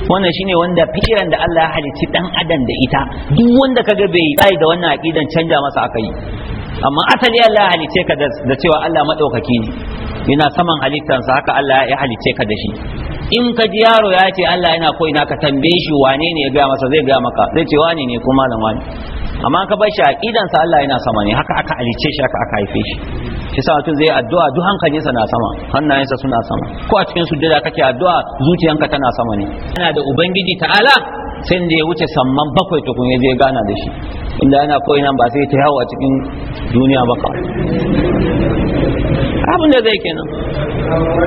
wannan shine wanda fikiran da Allah ya halicci dan adam da ita duk wanda kaga bai yi da wannan aqidan canja masa akai amma asali Allah ya halice ka da cewa Allah madaukaki ne yana saman halittansa haka Allah ya halice ka da shi in ka ji yaro ya ce Allah yana koyi ka tambaye shi wane ne ya gaya masa zai gaya maka zai ce wane ne ko malam wane amma ka bar shi aqidan sa Allah yana sama ne haka aka alice shi haka aka haife shi shi sa mutum zai addu'a duk hankalinsa na sama hannayensa suna sama ko a cikin sujjada kake addu'a zuciyanka tana sama ne yana da ubangiji ta'ala sai da ya wuce samman bakwai tukun ya je gana da shi inda yana koyi nan ba sai ta yawo a cikin duniya ba ka abin da zai kenan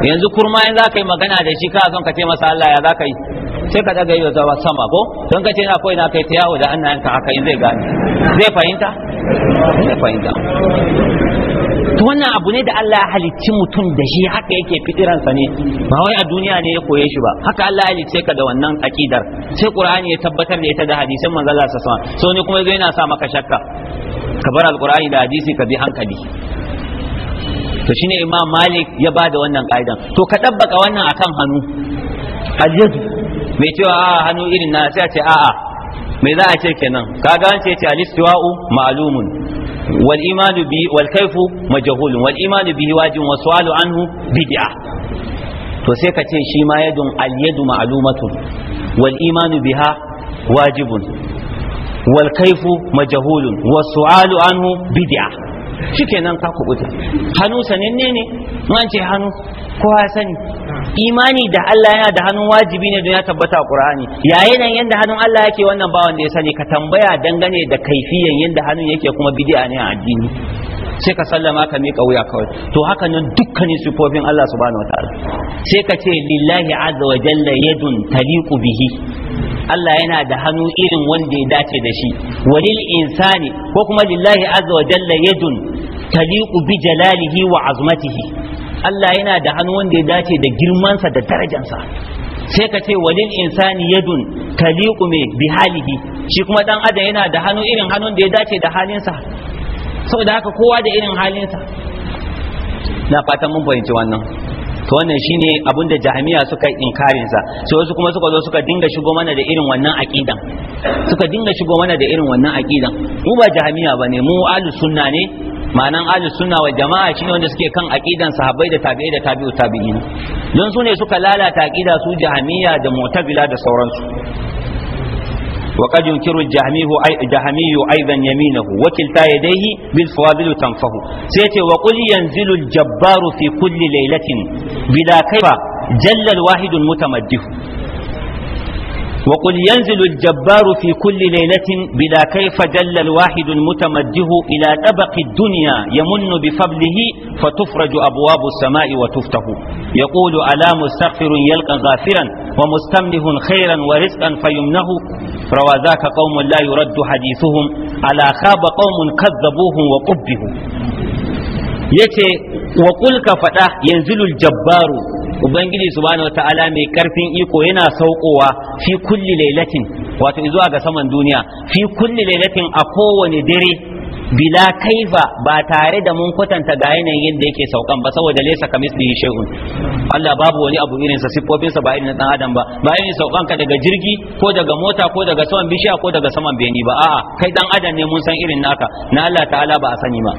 yanzu kurma in za ka yi magana da shi ka son ka ce masa Allah ya za ka yi sai ka daga yi zama sama ko don ka ce na koyi na kai ta yawo da annayan ka haka in zai gane zai fahimta zai fahimta to wannan abu ne da Allah ya halicci mutum da shi haka yake fitiransa ne ba wai a duniya ne ya koye shi ba haka Allah ya halicce ka da wannan akidar sai Qur'ani ya tabbatar da ita da hadisin manzo Allah sallallahu alaihi so ne kuma zai yana sa maka shakka ka bar alqur'ani da hadisi ka bi hankali to shine Imam Malik ya bada wannan ka'idan to ka dabbaka wannan akan hannu aljaz mai cewa a hannu irin na sai a ce a'a mai za a ce kenan kaga an ce ce alistiwa'u ma'lumun wal imanu bi wal kaifu majhulun wal imanu bihi wajin wa su'alu anhu bid'a to sai ka ce shi ma yadun al yadu ma'lumatun wal imanu biha wajibun wal kaifu majhulun wa su'alu anhu bid'a shikenan ka kubuta hannu sanin ne ne? an ce hannu kowa ya sani imani da Allah yana da hannun wajibi ne don ya tabbata a Qur'ani ya nan yanda hannun Allah yake wannan ba wanda ya sani ka tambaya dangane da kaifiyan yanda hannun yake kuma bid'a ne a addini sai ka sallama ka miƙa wuya kawai to haka nan dukkanin sifofin Allah subhanahu wataala sai ka ce lillahi azza wa jalla yadun taliqu bihi Allah yana da hannu irin wanda ya dace da shi walil insani ko kuma lillahi azza wa jalla yadun taliqu bi jalalihi wa azmatihi Allah yana da hannu wanda ya dace da girmansa da darajansa sai ka ce walil insani yadun taliqu me bi halihi shi kuma dan adam yana da hannu irin hannun da ya dace da halinsa saboda haka kowa da irin halinsa na fatan mun fahimci wannan to wannan shine abin da jahamiya suka inkarin sa sai wasu kuma suka zo suka dinga shigo mana da irin wannan aqidan suka dinga shigo mana da irin wannan aqidan mu ba jahamiya bane mu ahli sunna ne ma'anan ahli sunna wa jama'a shine wanda suke kan aqidan sahabbai da tabi'i da tabi'u tabi'in don su ne suka lalata aqida su jahamiya da mu'tazila da sauransu وقد ينكر الجهمي جهمي ايضا يمينه وكلتا يديه بالفوابل تنفه سيتي وقل ينزل الجبار في كل ليله بلا كيف جل الواحد المتمدح وقل ينزل الجبار في كل ليلة بلا كيف جل الواحد المتمجه إلى طبق الدنيا يمن بفضله فتفرج أبواب السماء وتفتح يقول ألا مستغفر يلقى غافرا ومستمله خيرا ورزقا فيمنه روى ذاك قوم لا يرد حديثهم على خاب قوم كذبوهم وقبهم يتي وقل كفتا ينزل الجبار ubangiji subhanahu wataala mai karfin iko yana saukowa fi kulli lailatin wato zuwa ga saman duniya fi kulli lailatin a kowane dare bila kaifa ba tare da mun kwatanta ga yanayin yadda yake saukan ba saboda laysa kamislihi shay'un Allah babu wani abu irin sa sifofin sa ba irin dan adam ba ba irin saukan ka daga jirgi ko daga mota ko daga saman bishiya ko daga saman beni ba a'a kai dan adam ne mun san irin naka na Allah ta'ala ba a sani ba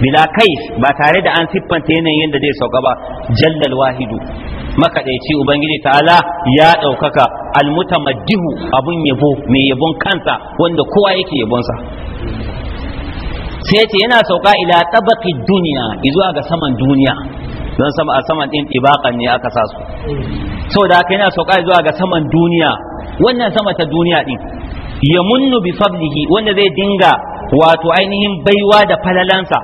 bila kais ba tare da an siffanta yanayin da zai sauka ba jallal wahidu makaɗaici ubangiji ta'ala ya ɗaukaka almutamaddihu abun yabo mai yabon kansa wanda kowa yake yabonsa sai ce yana sauka ila tabaqi duniya zuwa ga saman duniya don sama a saman din tibakan ne aka sasu saboda haka yana sauka zuwa ga saman duniya wannan sama ta duniya din ya bi fadlihi wanda zai dinga wato ainihin baiwa da falalansa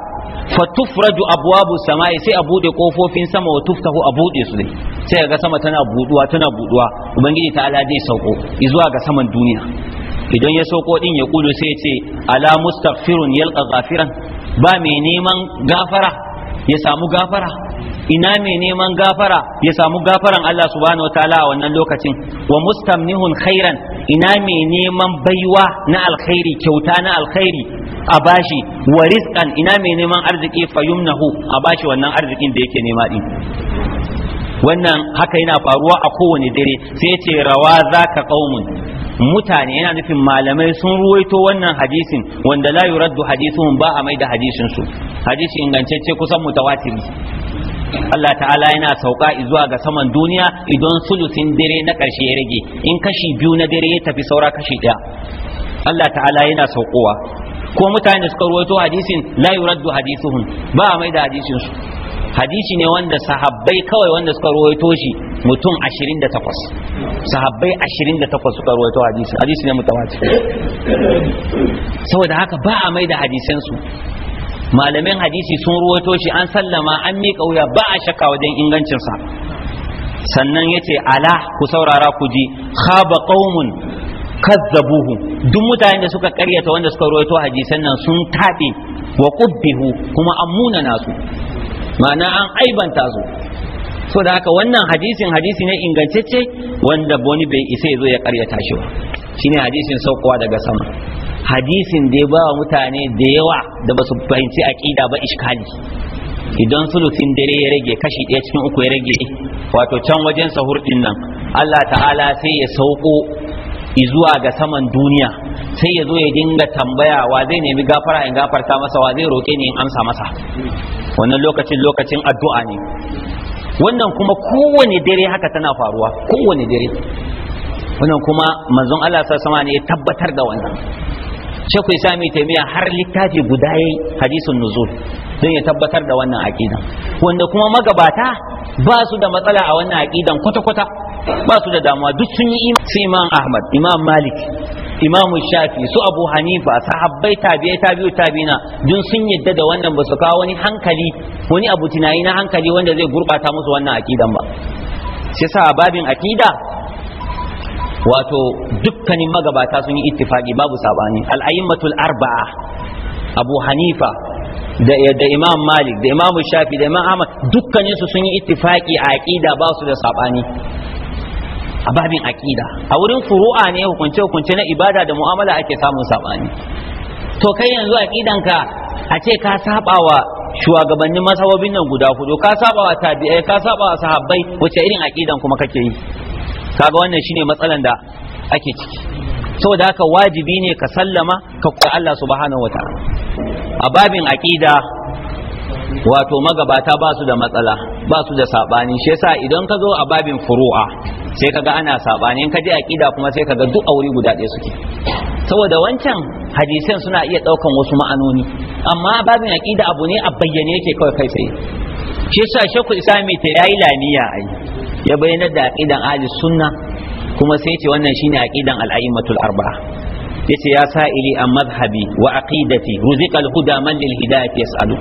fatufradu abwabu sama'i sai a bude kofofin sama wa tuftahu a bude su dai sai ga sama tana buduwa tana buduwa ubangiji ta ala zai sauko zuwa ga saman duniya idan ya sauko din ya kudu sai ya ce ala mustaghfirun yalqa ghafiran ba mai neman gafara ya samu gafara ina mai neman gafara ya samu gafaran Allah subhanahu wataala a wannan lokacin wa mustamnihun khairan ina mai neman baiwa na alkhairi kyauta na alkhairi a bashi wa rizqan ina mai neman arziki fayumnahu a bashi wannan arzikin da yake nema din wannan haka yana faruwa a kowane dare sai ce rawa zaka qaumun mutane yana nufin malamai sun ruwaito wannan hadisin wanda la yuraddu hadisuhum ba a mai da hadisin su hadisi ingantacce kusan mutawatir Allah ta'ala yana sauka zuwa ga saman duniya idan sulusin dare na ƙarshe ya rage in kashi biyu na dare ya tafi saura kashi ɗaya Allah ta'ala yana saukowa ko mutane da suka ruwaito hadisin la yuraddu hadisuhum ba a mai da hadisin su hadisi ne wanda sahabbai kawai wanda suka ruwaito shi mutum 28 sahabbai 28 suka ruwaito hadisi hadisi ne mutawatir saboda haka ba a mai da hadisan su malamin hadisi sun ruwato shi an sallama an miƙa wuya ba a shakka wajen ingancinsa sannan ya ce ala ku saurara ku ji khaba qaumun kazzabuhu duk mutanen da suka karyata wanda suka ruwaito hadisan nan sun taɓe wa qubbihu kuma an munana su ma'ana an aibanta su so da haka wannan hadisin hadisi ne ingantacce wanda Boni bai isa ya zo ya karyata shi ba shine hadisin saukowa daga sama hadisin da ya ba wa mutane da yawa da ba su fahimci aƙida ba iskali idan sulusin dare ya rage kashi ɗaya cikin uku ya rage wato can wajen sahur nan Allah ta'ala sai ya sauko zuwa ga saman duniya sai ya zo ya dinga tambaya wa zai nemi gafara in gafarta masa wa zai roƙe ni in amsa masa wannan lokacin lokacin addu'a ne wannan kuma kowane dare haka tana faruwa kowane dare wannan kuma manzon Allah sallallahu alaihi wasallam ne ya tabbatar da wannan shekwai sami taimiya har littafi guda ya hadisin nuzul don ya tabbatar da wannan aqidan wanda kuma magabata ba su da matsala a wannan aqidan kwata kwata ba su da damuwa duk sun yi imam su imam ahmad imam malik imam shafi su abu hanifa sahabbai tabi'ai tabi'u na. Don sun yadda da wannan ba su kawo wani hankali wani abu tunayi na hankali wanda zai gurbata musu wannan aqidan ba shi sa babin aqida wato dukkanin magabata sun yi ittifaqi babu sabani al arba'a abu hanifa da da imam malik da imam shafi da imam ahmad dukkanin su sun yi ittifaqi a aqida ba su da sabani a babin aqida a wurin furu'a ne hukunce hukunce na ibada da mu'amala ake samun sabani to kai yanzu aqidanka a ce ka sabawa shugabannin masawobin nan guda hudu ka sabawa tabi'ai ka sabawa sahabbai wace irin aqidan kuma kake yi kaga wannan shine matsalan da ake ciki saboda haka wajibi ne ka sallama ka kuwa Allah subhanahu wataala a babin aqida wato magabata ba su da matsala ba su da sabani shi yasa idan ka zo a babin furu'a sai kaga ana sabani ka je aqida kuma sai kaga duk aure guda ɗaya suke saboda wancan hadisan suna iya daukan wasu ma'anoni amma babin aqida abu ne a bayyane yake kawai kai sai shi sa shakku islami ta yayi lamiya ai ya bayyana da aqidan ahli sunna kuma sai ce wannan shine aqidan al-a'immatul arba'a yace ya ili an madhhabi wa aqidati ruziqal huda man lil hidayati yas'alu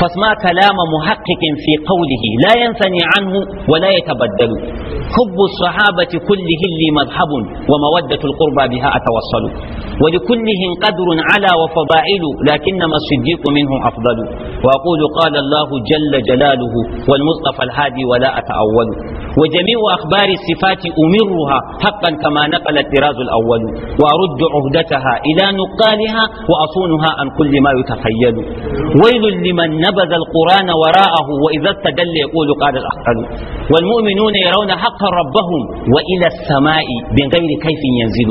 فاسمع كلام محقق في قوله لا ينثني عنه ولا يتبدل حب الصحابة كله لي مذهب ومودة القربى بها أتوصل ولكلهم قدر على وفضائل لكنما الصديق منهم أفضل وأقول قال الله جل جلاله والمصطفى الهادي ولا أتأول وجميع أخبار الصفات أمرها حقا كما نقل الطراز الأول وأرد عهدتها إلى نقالها وأصونها عن كل ما يتخيل ويل لمن نبذ القرآن وراءه وإذا استدل يقول قال الأحقل والمؤمنون يرون حقا ربهم وإلى السماء من غير كيف ينزل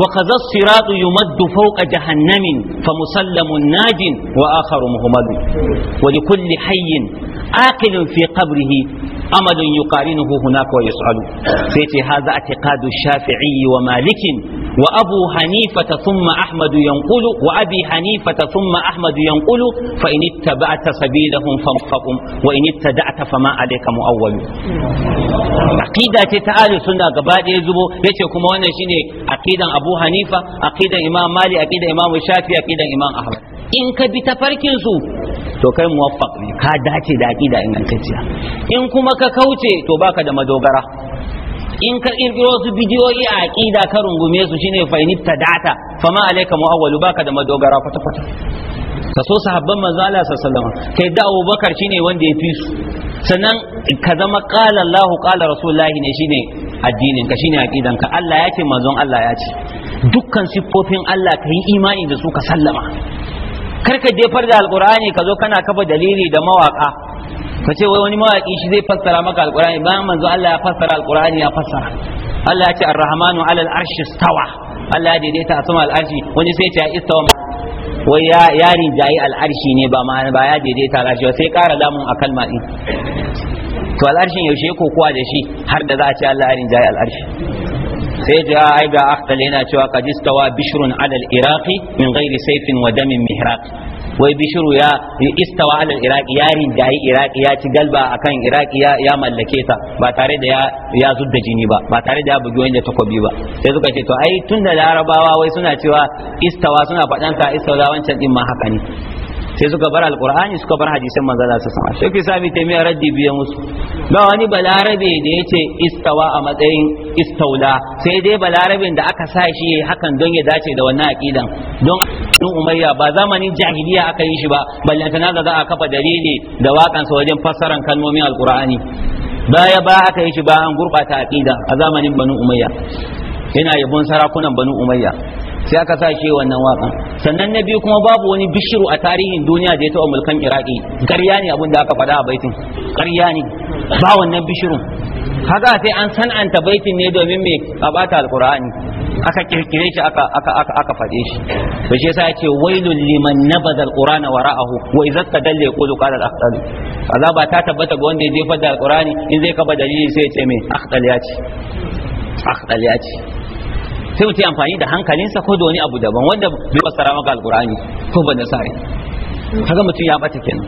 وكذا الصراط يمد فوق جهنم فمسلم ناج وآخر مهمل ولكل حي aqilun fi qabrihi amadun yuqarinuhu hunaka wa yus'alu sai ce hadha i'tiqadu shafi'i wa malikin wa abu hanifata thumma ahmadu yanqulu wa abi hanifata thumma ahmadu yanqulu fa in ittaba'ta sabilahum famfaqum wa in ittada'ta fama alayka muawwalu aqida ce ta ahli sunna gaba ɗaya zubo yace kuma wannan shine aqidan abu hanifa aqidan imam mali aqidan imam shafi aqidan imam ahmad in ka bi tafarkin su to kai muwaffaq ne ka dace da aqida ingantacciya in kuma ka kauce to baka da madogara in ka kirkiro su bidiyoyi a aqida ka rungume su shine fa ta data fama alayka muawwalu baka da madogara kwata kwata ka so sahabban manzo Allah sallallahu alaihi wasallam kai da Abubakar shine wanda ya fi su sannan ka zama qala Allah qala rasulullahi ne shine addinin ka shine aqidan ka Allah ya ce manzon Allah ya ce dukkan siffofin Allah ka yi imani da su ka sallama kar ka jefar da alqur'ani ka zo kana kafa dalili da mawaka ka ce wai wani mawaki shi zai fassara maka alqur'ani ba manzo Allah ya fassara alqur'ani ya fassara Allah ya ce arrahmanu rahmanu 'ala al'arshi stawa Allah ya daidaita a sama al'arshi wani sai ya istawa wai ya yarin jayi al'arshi ne ba ma ba ya daidaita al'arshi sai ƙara lamun a kalma din to al'arshin yaushe ko kowa da shi har da za a ce Allah yarin jayi al'arshi sai ji ai ga akhdal yana cewa ka istawa wa bishirun al iraki min gairi saifin wa damin mihraq wai bishru ya istawa ala al ya rinda iraki ya ci galba a kan iraki ya mallake ta ba tare da ya zudda jini ba ba tare da ya bugi wanda takobi ba sai suka ce to ai tun da larabawa wai suna cewa istawa suna faɗan ka istawa wancan din ma haka ne sai suka bar alkur'ani suka bar hadisin manzo Allah sallallahu alaihi wasallam shi sami taimiya raddi biya musu ba wani balarabe da ce istawa a matsayin istaula sai dai balarabin da aka sa shi yayi hakan don ya dace da wannan aqidan don Ibn Umayya ba zamanin jahiliya aka yi shi ba ballantana ga za a kafa dalili da sa wajen fassaran kalmomin alkur'ani baya ba aka yi shi ba an gurbata aqida a zamanin Banu Umayya yana yabon sarakunan Banu Umayya sai aka sa shi wannan waƙan sannan na biyu kuma babu wani bishiru a tarihin duniya da ya taɓa mulkan iraki ƙarya ne abin da aka faɗa a baitin ƙarya ne ba wannan bishirun haka sai an san'anta baitin ne domin mai kabata Alƙur'ani, aka kirkire shi aka aka aka aka faɗe shi to shi yasa yace wailul liman nabadha alqur'ana wara'ahu wa idza tadalla yaqulu qala al-aqdal azaba ta tabbata ga wanda ya jefa da alqur'ani in zai kaba dalili sai ya ce me aqdal ya ce ya ce sai mutum amfani da hankalinsa ko da wani abu daban wanda bai fassara maka alkurani ko ban da sare kaga mutum ya bata kenan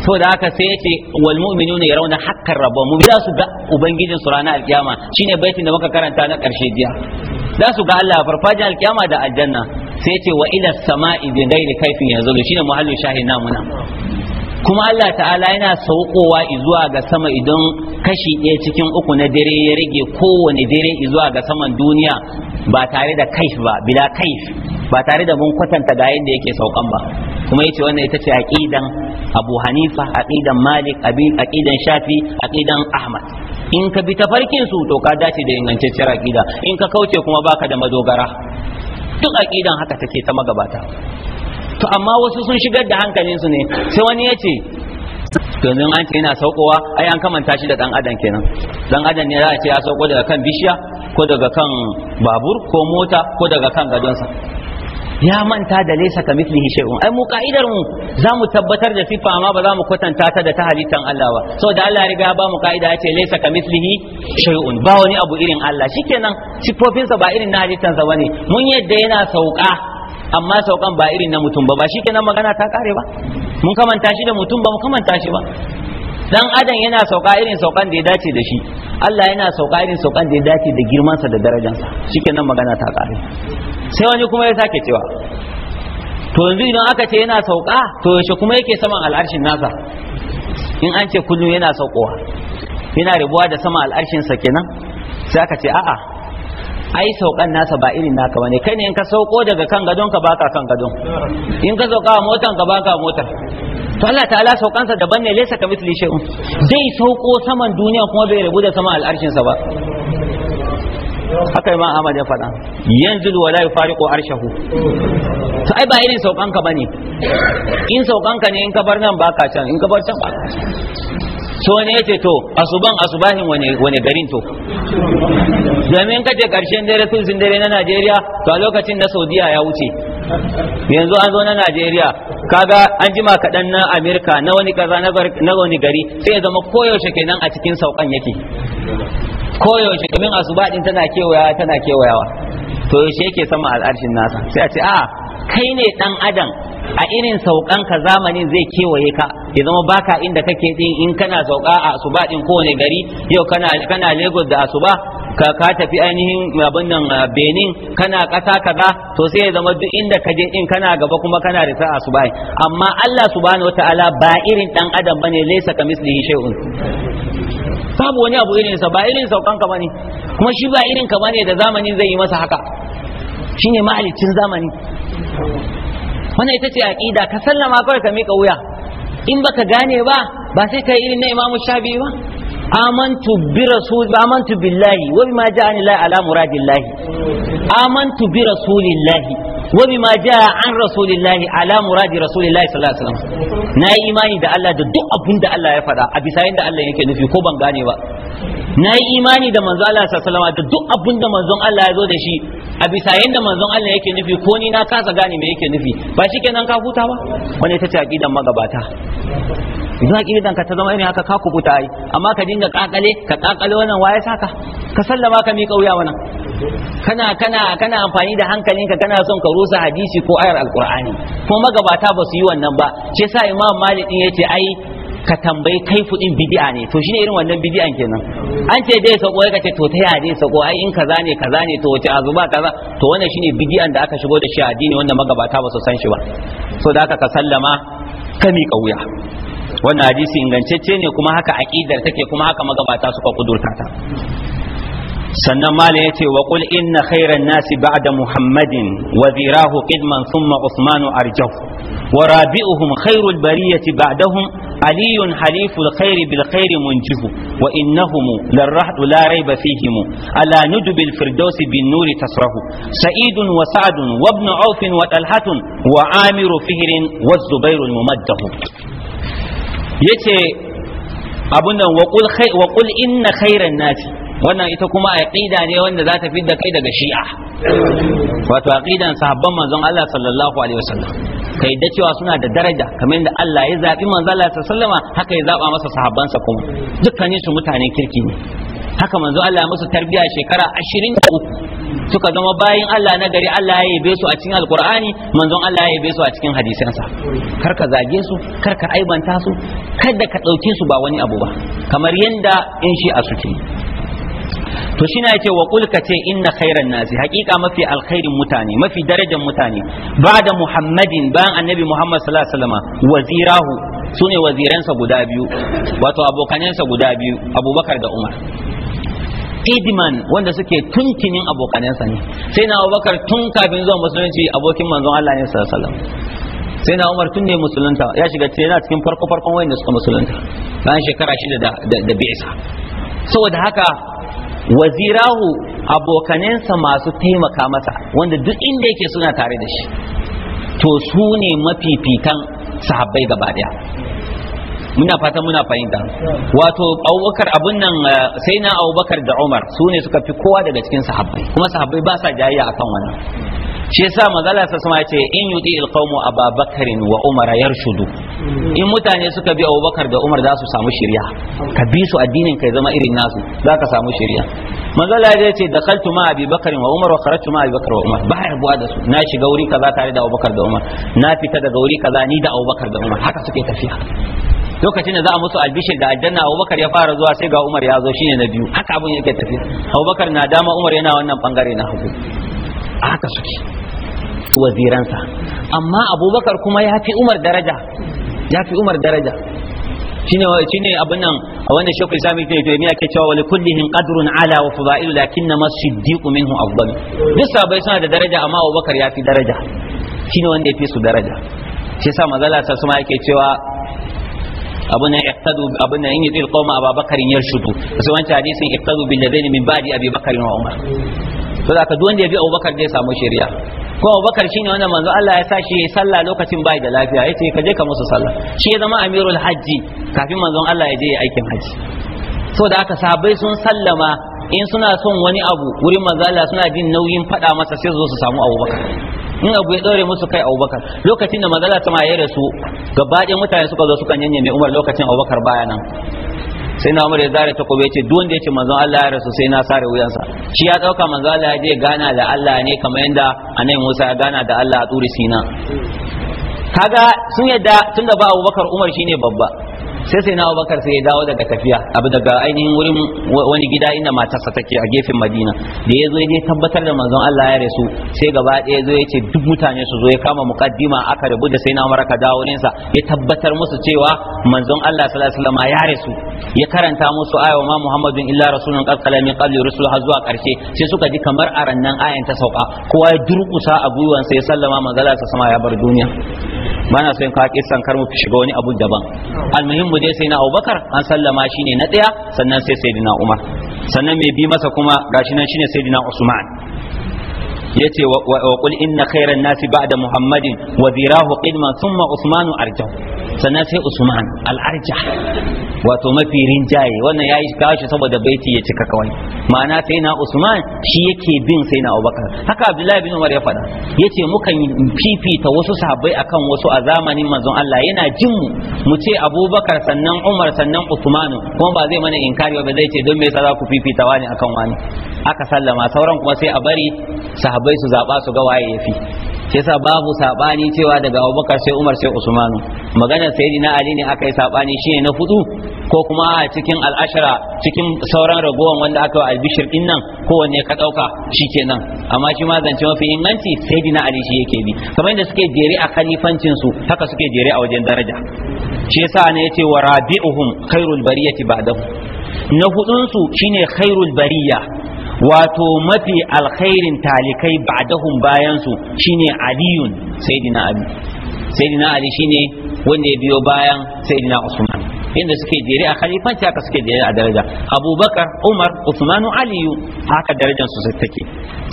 da haka sai yace wal rauna yarawna haqqan mu za su ga ubangijin su ranar alkiyama shine baitin da muka karanta na karshe jiya za su ga Allah farfajin alkiyama da aljanna sai yace wa ila sama'i bi ghairi kaifin yanzu shine muhallu shahin namuna kuma Allah ta'ala yana saukowa zuwa ga sama idan kashi ɗaya cikin uku na dare ya rage kowane dare zuwa ga saman duniya ba tare da kaif ba bila kaif ba tare da mun kwatanta ga yadda yake saukan ba kuma yace wannan ita ce aqidan Abu Hanifa aqidan Malik aqidan Shafi aqidan Ahmad in ka bi tafarkin su to ka dace da ingantacciyar aqida in ka kauce kuma baka da madogara duk aqidan haka take ta magabata to amma wasu sun shigar da hankalinsu ne sai wani ya ce domin an ce yana saukowa ai an kamanta shi da dan adam kenan dan adam ne za a ce ya sauko daga kan bishiya ko daga kan babur ko mota ko daga kan gadonsa ya manta da laysa ka mislihi shay'un ai mu ka'idar mu zamu tabbatar da sifa amma ba za mu kwatanta ta da ta halittan Allah ba saboda Allah ya riga ba mu ka'ida ya ce laysa ka mislihi shay'un ba wani abu irin Allah shikenan sifofinsa ba irin na halittan sa bane mun yadda yana sauka amma saukan ba irin na mutum ba ba shi kenan magana ta kare ba mun kamanta shi da mutum ba mun kamanta shi ba dan adam yana sauka irin saukan da ya dace da shi Allah yana sauka irin saukan da ya dace da girmansa da shi kenan magana ta kare sai wani kuma ya sake cewa to yanzu idan aka ce yana sauka to yaushe kuma yake saman al'arshin nasa in an ce kullum yana saukowa yana rabuwa da sama al'arshin sa kenan sai aka ce a'a ai saukan nasa ba irin naka bane kai ne in ka sauko daga kan gadon ka baka kan gadon in ka sauka a motan ka baka motar to Allah ta'ala sa daban ne laysa ka mithli shay'un zai sauko saman duniya kuma bai rabu da sama al'arshin sa ba haka imam Ahmad ya fada yanzu wa la yufariqu arshahu to ai ba irin saukan ka bane in saukan ka ne in ka bar nan baka can in ka bar can baka can so wani ya ce to asuban asubahin wani garin to domin kace karshen dare sun dare na najeriya to a lokacin na saudiya ya wuce yanzu an zo na najeriya kaga an jima kaɗan na amerika na wani kaza na wani gari sai ya zama koyaushe kenan a cikin saukan yake koyaushe domin asuba din tana kewayawa tana kewayawa to yaushe yake sama al'arshin nasa sai a ce a ah, kai ne dan adam a irin saukan ka zamani zai kewaye ka ya zama baka inda kake din in kana sauka a asuba din kowane gari yau kana kana Lagos da asuba ka ka tafi ainihin abin nan Benin kana kasa kaza to sai ya zama duk inda ka je din kana gaba kuma kana sa asuba amma Allah subhanahu wataala ba irin dan adam bane laysa kamislihi shay'un babu wani abu irin sa ba irin saukan ka bane kuma shi ba irin ka bane da zamani zai yi masa haka shine mahalicin zamani wannan ita ce aqida ka sallama kawai ka mika wuya in baka gane ba ba sai kai irin na imamu shafi ba amantu bi rasul amantu billahi wa bima ja'ani la ala muradillahi amantu bi rasulillahi wa bima ja'a an rasulillahi ala muradi rasulillahi sallallahu alaihi wasallam na yi imani da Allah da duk abin da Allah ya faɗa a bisa yadda Allah yake nufi ko ban gane ba na yi imani da manzon Allah sallallahu alaihi da duk abin da manzon Allah ya zo da shi a bisa yanda manzon Allah yake nufi ko ni na kasa gane me yake nufi ba shikenan ka huta ba wani ta ce aqidan magabata idan aqidan ka ta zama irin haka ka kubuta ai amma ka dinga kakale ka kakale wannan waye saka ka sallama ka miƙa wuya wannan kana kana kana amfani da hankalinka kana son ka rusa hadisi ko ayar alqur'ani kuma magabata ba su yi wannan ba ce yasa imam malik din yace ai ka tambayi kaifu ɗin bidi'a ne to shine irin wannan bidiyan kenan an ce dai sako ka ce to ta ya dai sako ai in kaza ne kaza ne to wace azuba kaza to wannan shine bidiyan da aka shigo da shi a addini wanda magabata ba su san shi ba so da aka ka sallama ka miƙa wuya wannan hadisi ingantacce ne kuma haka aqidar take kuma haka magabata suka kudurta ta sannan mala ya ce wa qul inna khairan nasi ba'da muhammadin wa zirahu qidman thumma usman arjaf wa rabi'uhum khairul bariyati ba'dahum aliyun haliful khairi bil khairi munjihu wa innahum larahdu la rayba fihim ala nudbil firdausi bin nuri tasrahu sa'idun wa sa'dun wa ibn auf wa talhatun wa amiru fihrin wa zubairul mumaddahu yace abunan wa qul inna khairan nasi wannan ita kuma aqida ne wanda za ta da kai daga shi'a wato aqidan sahabban manzon Allah sallallahu alaihi wasallam kai da cewa suna da daraja kamar da Allah ya zabi manzon Allah sallallahu alaihi haka ya zaba masa sahabbansa kuma dukkanin su mutanen kirki ne haka manzo Allah ya musu tarbiya shekara 23 suka zama bayan Allah na gari Allah ya yabe su a cikin alkur'ani manzon Allah ya yabe su a cikin hadisansa kar ka zage su kar ka aibanta su kada ka dauke su ba wani abu ba kamar yadda in shi a suke to shi na yake wa kulka ce inna khairan nasi haƙiƙa mafi alkhairin mutane mafi darajar mutane ba da muhammadin bayan annabi muhammad sallallahu alaihi wasallam wazirahu sune waziransa guda biyu wato abokanansa guda biyu abubakar da umar idiman wanda suke tuntinin abokanansa ne sai na abubakar tun kafin zuwa musulunci abokin manzon allah ne sallallahu alaihi wasallam sai na umar tun ne musulunta ya shiga yana cikin farko farkon wayanda suka musulunta bayan shekara shida da da, da, da saboda haka wazirahu abokanensa masu taimaka masa wanda duk inda yake suna tare da shi to su ne mafifitan sahabbai gaba daya muna fata muna fahimta wato abubakar abun nan eh, sai na abubakar da umar su ne suka fi kowa daga cikin sahabbai kuma sahabbai ba sa jayayya kan wannan shi yasa manzala sa suma ce in yudi alqawmu ababakarin wa umara yarshudu in mutane suka bi abubakar da umar za su samu shari'a ka bi su addinin kai zama irin nasu za ka samu shari'a manzala ya ce dakaltu ma abubakarin wa umar wa kharajtu ma abubakar wa umar ba yarbuwa da su na shiga wuri kaza tare da abubakar da umar na fita daga wuri kaza ni da abubakar da umar haka suke tafiya lokacin da za a musu albishir da aljanna abubakar ya fara zuwa sai ga umar ya zo shine na biyu haka abun yake tafi abubakar na dama umar yana wannan bangare na hagu a haka suke waziransa amma abubakar kuma ya fi umar daraja ya fi umar daraja shine shine abin nan a wannan shekul sami ibn taymiya ke cewa wal kullihin qadrun ala wa fadailu lakinna masiddiq minhu afdal duk sabai suna da daraja amma abubakar ya fi daraja shine wanda ya fi su daraja shi yasa manzala ta suma yake cewa abun nan iqtadu abun nan in yi tsir qawma ababakarin yarshudu sai wancan hadisin iqtadu bil ladaini min ba'di abi bakarin wa umar to da ka duk wanda ya bi abubakar zai samu shari'a ko abubakar shine wanda manzo Allah ya sa shi sallah lokacin bai da lafiya yace ka je ka musu sallah shi ya zama amirul hajji kafin manzon Allah ya je ya aikin hajji da aka sahabbai sun sallama in suna son wani abu wurin manzo Allah suna jin nauyin fada masa sai su zo su samu abubakar in abu ya ɗaure musu kai abubakar lokacin da manzala ta maye da su gabaɗin mutane suka zo suka yanye mai umar lokacin abubakar baya nan sai na umar ya zare ta kobe ce duwanda ya ce manzon Allah ya rasu sai na sare wuyansa shi ya ɗauka Manzala Allah ya je gana da Allah ne kamar yadda a nan Musa ya gana da Allah a tsuri Sina kaga sun yadda tunda ba abubakar umar shine babba sai sai na Bakar sai ya dawo daga tafiya abu daga ainihin wurin wani gida inda matarsa take a gefen madina da ya zo ya tabbatar da manzon allah ya rasu sai gaba ɗaya zo ya ce duk mutane su zo ya kama mukaddima aka rubu da sai na umar ka dawo sa ya tabbatar musu cewa manzon allah sallallahu alaihi wasallam ya rasu ya karanta musu ayawa ma muhammadun illa rasulun qad qala min qabli rusul har zuwa karshe sai suka ji kamar a ayan ta sauka kowa ya durkusa a sai ya sallama manzon allah sama ya bar duniya bana so in kissan kar mu shiga wani abu daban almuhim mu dai sai na abubakar an sallama shi ne na ɗaya sannan sai sai umar sannan mai bi masa kuma gashi nan shine sai usman yace wa qul inna khairan nasi ba'da muhammadin wa zirahu qidman thumma usmanu arjah sannan sai usman al arjah wato mafi rinjaye wannan yayi kashi saboda baiti ya cika kawai ma'ana sai na usman shi yake bin sai na abubakar haka abdullahi bin umar ya faɗa yace mukan fifita wasu sahabbai akan wasu a zamanin manzon Allah yana jin mu mu ce abubakar sannan umar sannan usman kuma ba zai mana inkari ba zai ce don me yasa za ku fifita wani akan wani aka sallama sauran kuma sai a bari sahabbai sahabbai su zaba su ga waye yafi shi yasa babu sabani cewa daga Abubakar sai Umar sai Usman maganar sayyidina Ali ne aka yi sabani shine na hudu ko kuma a cikin al'ashara cikin sauran ragowan wanda aka al albishir din nan kowanne ka dauka shikenan amma shi ma zance mafi inganci sayyidina Ali shi yake bi kamar yadda suke jere a kalifancin su haka suke jere a wajen daraja shi yasa ne yace wa rabi'uhum khairul bariyati ba'dahu na hudun su shine khairul bariya wato mafi alkhairin talikai ba'dahum bayan su shine aliyun sayyidina ali sayyidina ali shine wanda ya biyo bayan sayyidina usman inda suke jere a khalifanci haka suke jere a daraja abubakar umar usman aliyu haka darajar su take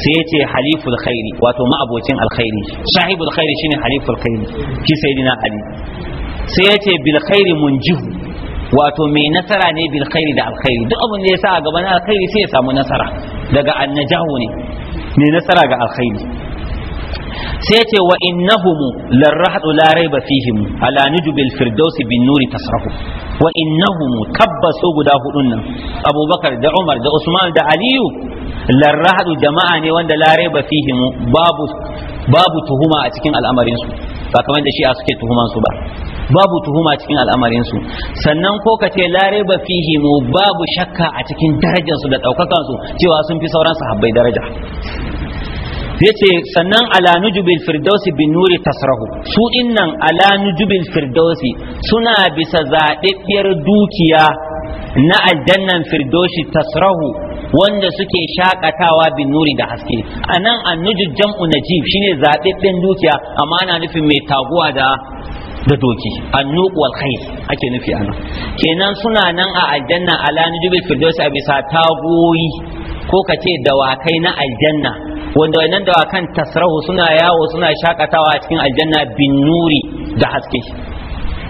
sai yace haliful khairi wato ma'abocin alkhairi sahibul khairi shine haliful khairi shi sayyidina ali sai yace bil khairi munjihu wato mai nasara ne bil khairi da alkhairi duk abin da ya sa a gaban alkhairi sai ya samu nasara daga annajahu ne mai nasara ga alkhairi sai ce wa innahumu larrahadu la raiba fihim ala nujubil firdausi bin nuri tasrahu wa innahumu tabbaso guda hudun nan abubakar da umar da usman da aliyu larrahadu jama'a ne wanda la raiba fihim babu babu tuhuma a cikin al'amarin su ba kamar da shi'a suke tuhuman su ba babu tuhuma cikin al'amarin su sannan ko ka ce la raiba fihim babu shakka a cikin darajar su da daukakan su cewa sun fi sauran sahabbai daraja yace sannan ala nujubil firdausi bin nuri tasrahu su dinnan ala nujubil firdausi suna bisa zaɗaɗɗiyar dukiya na aljannan firdausi tasrahu wanda suke shakatawa bin nuri da haske a nan annuju jam'u najib shine zaɓaɓɓen dukiya amma ana nufin mai taguwa da da doki annuq wal khair ake nufi ana kenan suna nan a aljanna ala nujubil firdausi a bisa tagoyi ko ka ce dawakai na aljanna wanda wannan dawakan tasrahu suna yawo suna shakatawa a cikin aljanna bin nuri da haske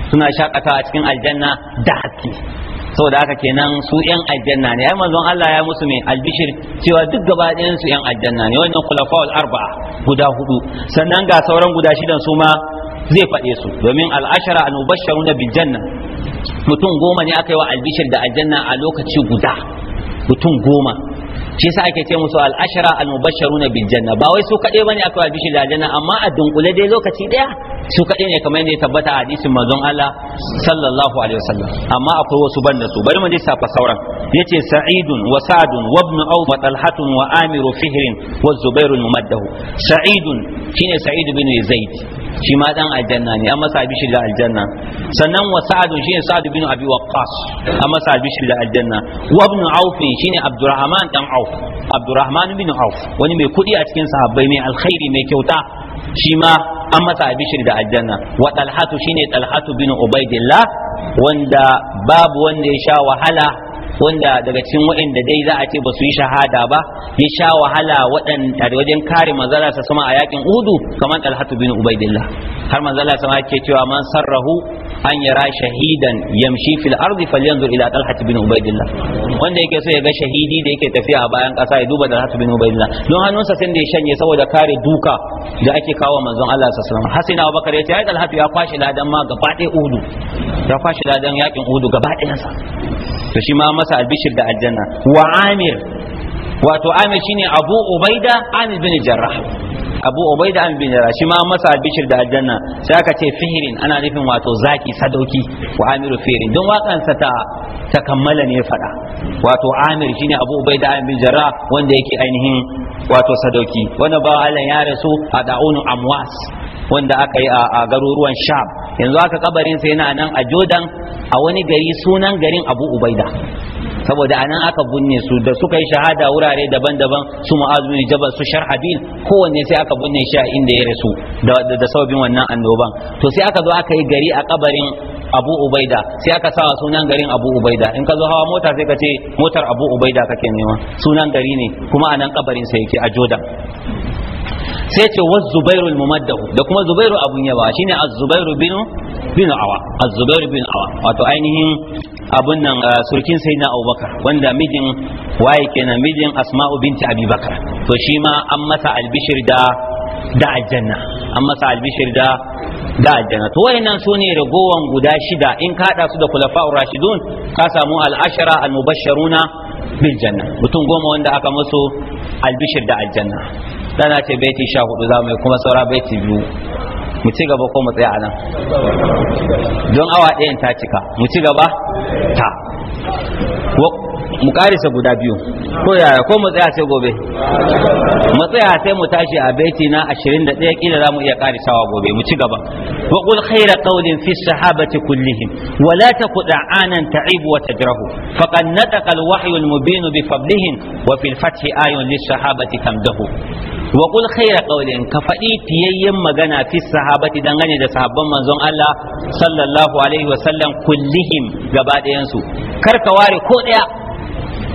suna shakatawa a cikin aljanna da haske saboda haka kenan su yan aljanna ne ai manzon Allah ya musu mai albishir cewa duk gaba ɗayan su yan aljanna ne wannan kulafawar arba'a guda hudu sannan ga sauran guda shidan su ma zai faɗe su domin al'ashara an ubashsharuna bil janna mutum goma ne aka yi wa albishir da aljanna a lokaci guda mutum goma shi yasa ake ce musu al'ashara al-mubashsharuna bil bijanna ba wai su kade bane aka wa bishi da amma a dunkule dai lokaci ɗaya su kade ne kamar yadda ya tabbata a hadisin manzon Allah sallallahu alaihi wasallam amma akwai wasu banda su bari mu fa sauran yace sa'idun wa sa'dun wa ibn aw wa talhatun wa amiru fihrin wa zubairu mumaddahu sa'idun shine sa'id bin zaid shi ma dan aljanna ne amma da aljanna sannan wa sa'adu shine sa'adu bin abi waqqas amma sa shi da aljanna wa ibn auf shine abdurrahman dan auf abdurrahman bin auf wani mai kudi a cikin sahabbai mai alkhairi mai kyauta shi ma an masa shi da aljanna wa talhatu shine talhatu bin ubaidillah wanda babu wanda ya sha wahala wanda daga cikin waɗanda dai za a ce ba su yi shahada ba ya sha wahala waɗanda da wajen kare manzala sa sama a yakin udu kamar talhatu bin ubaidillah har manzala sama ke cewa man sarrahu an yara shahidan yamshi fil ardi falyanzur ila talhat bin ubaidillah wanda yake so ya ga shahidi da yake tafiya a bayan kasa ya duba talhat bin ubaidillah don hannunsa sai da ya shanye saboda kare duka da ake kawo manzon Allah sallallahu alaihi wasallam hasina abubakar yace ai talhat ya kwashi ladan ma gaba ɗaya udu ya kwashi ladan yakin udu gaba ɗayansa to shi ma masa albishir da aljanna wa amir wato amir shine abu ubaida amir bin jarrah abu ubaida an bin shi ma masa bishir da aljanna sai aka ce fihirin ana nufin wato zaki sadauki wa amiru fihirin don wakansa ta ta kammala ne faɗa, wato amir shine abu da an bin wanda yake ainihin wato sadauki wani ba Allah ya rasu a da'unu amwas wanda aka yi a garuruwan sham yanzu aka kabarin sai yana nan a jodan a wani gari sunan garin abu ubaida saboda anan aka binne su da suka yi shahada wurare daban-daban su mu'azu jabal su sharhabil kowanne sai aka binne shi a inda ya rasu da sababin wannan annoban to sai aka zo aka yi gari a kabarin abu ubaida sai aka sawa sunan garin abu ubaida in ka zo hawa mota sai ka ce motar abu ubaida kake nema sunan gari ne kuma anan kabarin sa yake a joda sai ce wa zubairu mumaddahu da kuma zubairu abun yawa shine az-zubairu binu awa az-zubairu binu awa wato ainihin abun nan ah, surkin sayyidina abubakar wanda mijin waye kenan mijin asma'u binti abubakar to shi ma an masa albishir da da aljanna an masa albishir da da aljanna to wayannan sune ragowan guda shida in ka hada su da kulafa'ur rashidun ka samu al-ashara al-mubashsharuna bil janna mutum goma wanda aka musu albishir da aljanna dana ce baiti 14 za mu yi kuma saura baiti biyu mu ci gaba ko mu tsaya a nan don awa ɗayan ta cika mu ci gaba ta mu karisa guda biyu ko yaya ko mu tsaya sai gobe mu tsaya sai mu tashi a baiti na 21 kila zamu iya karisawa gobe mu ci gaba wa qul khayra qawlin fi sahabati kullihim wa la taqud anan ta'ibu wa tajrahu faqad nataqa al-wahyu al bi fadlihim wa fil fathi ayun lis sahabati kamdahu wa qul khayra qawlin ka fadi fiyayyen magana fi sahabati dangane da sahabban manzon Allah sallallahu alaihi wa sallam kullihim gaba ɗayan su kar ka ware ko ɗaya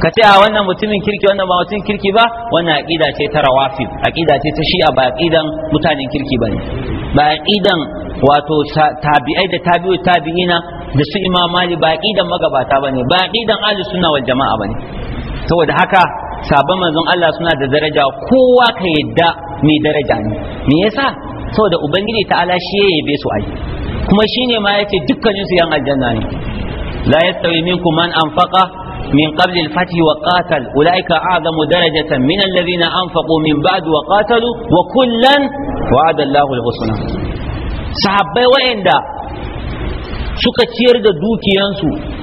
ka ce a wannan mutumin kirki wannan ba mutumin kirki ba wannan aqida ce ta rawafi aqida ce ta shi'a ba aqidan mutanen kirki bane ba aqidan wato tabi'ai da tabi'u tabi'ina da su imamali ba aqidan magabata bane ba aqidan ahli sunna wal jama'a bane saboda haka sabon manzon Allah suna da daraja kowa ka yadda mai daraja ne me yasa saboda ubangiji ta'ala shi ya yabe su ai kuma shine ma yace dukkanin su yan aljanna ne la yastawi minkum man anfaqa من قبل الفتح وقاتل أولئك أعظم درجة من الذين أنفقوا من بعد وقاتلوا وكلا وعد الله الحسنى صحابي وين suka ciyar da dukiyansu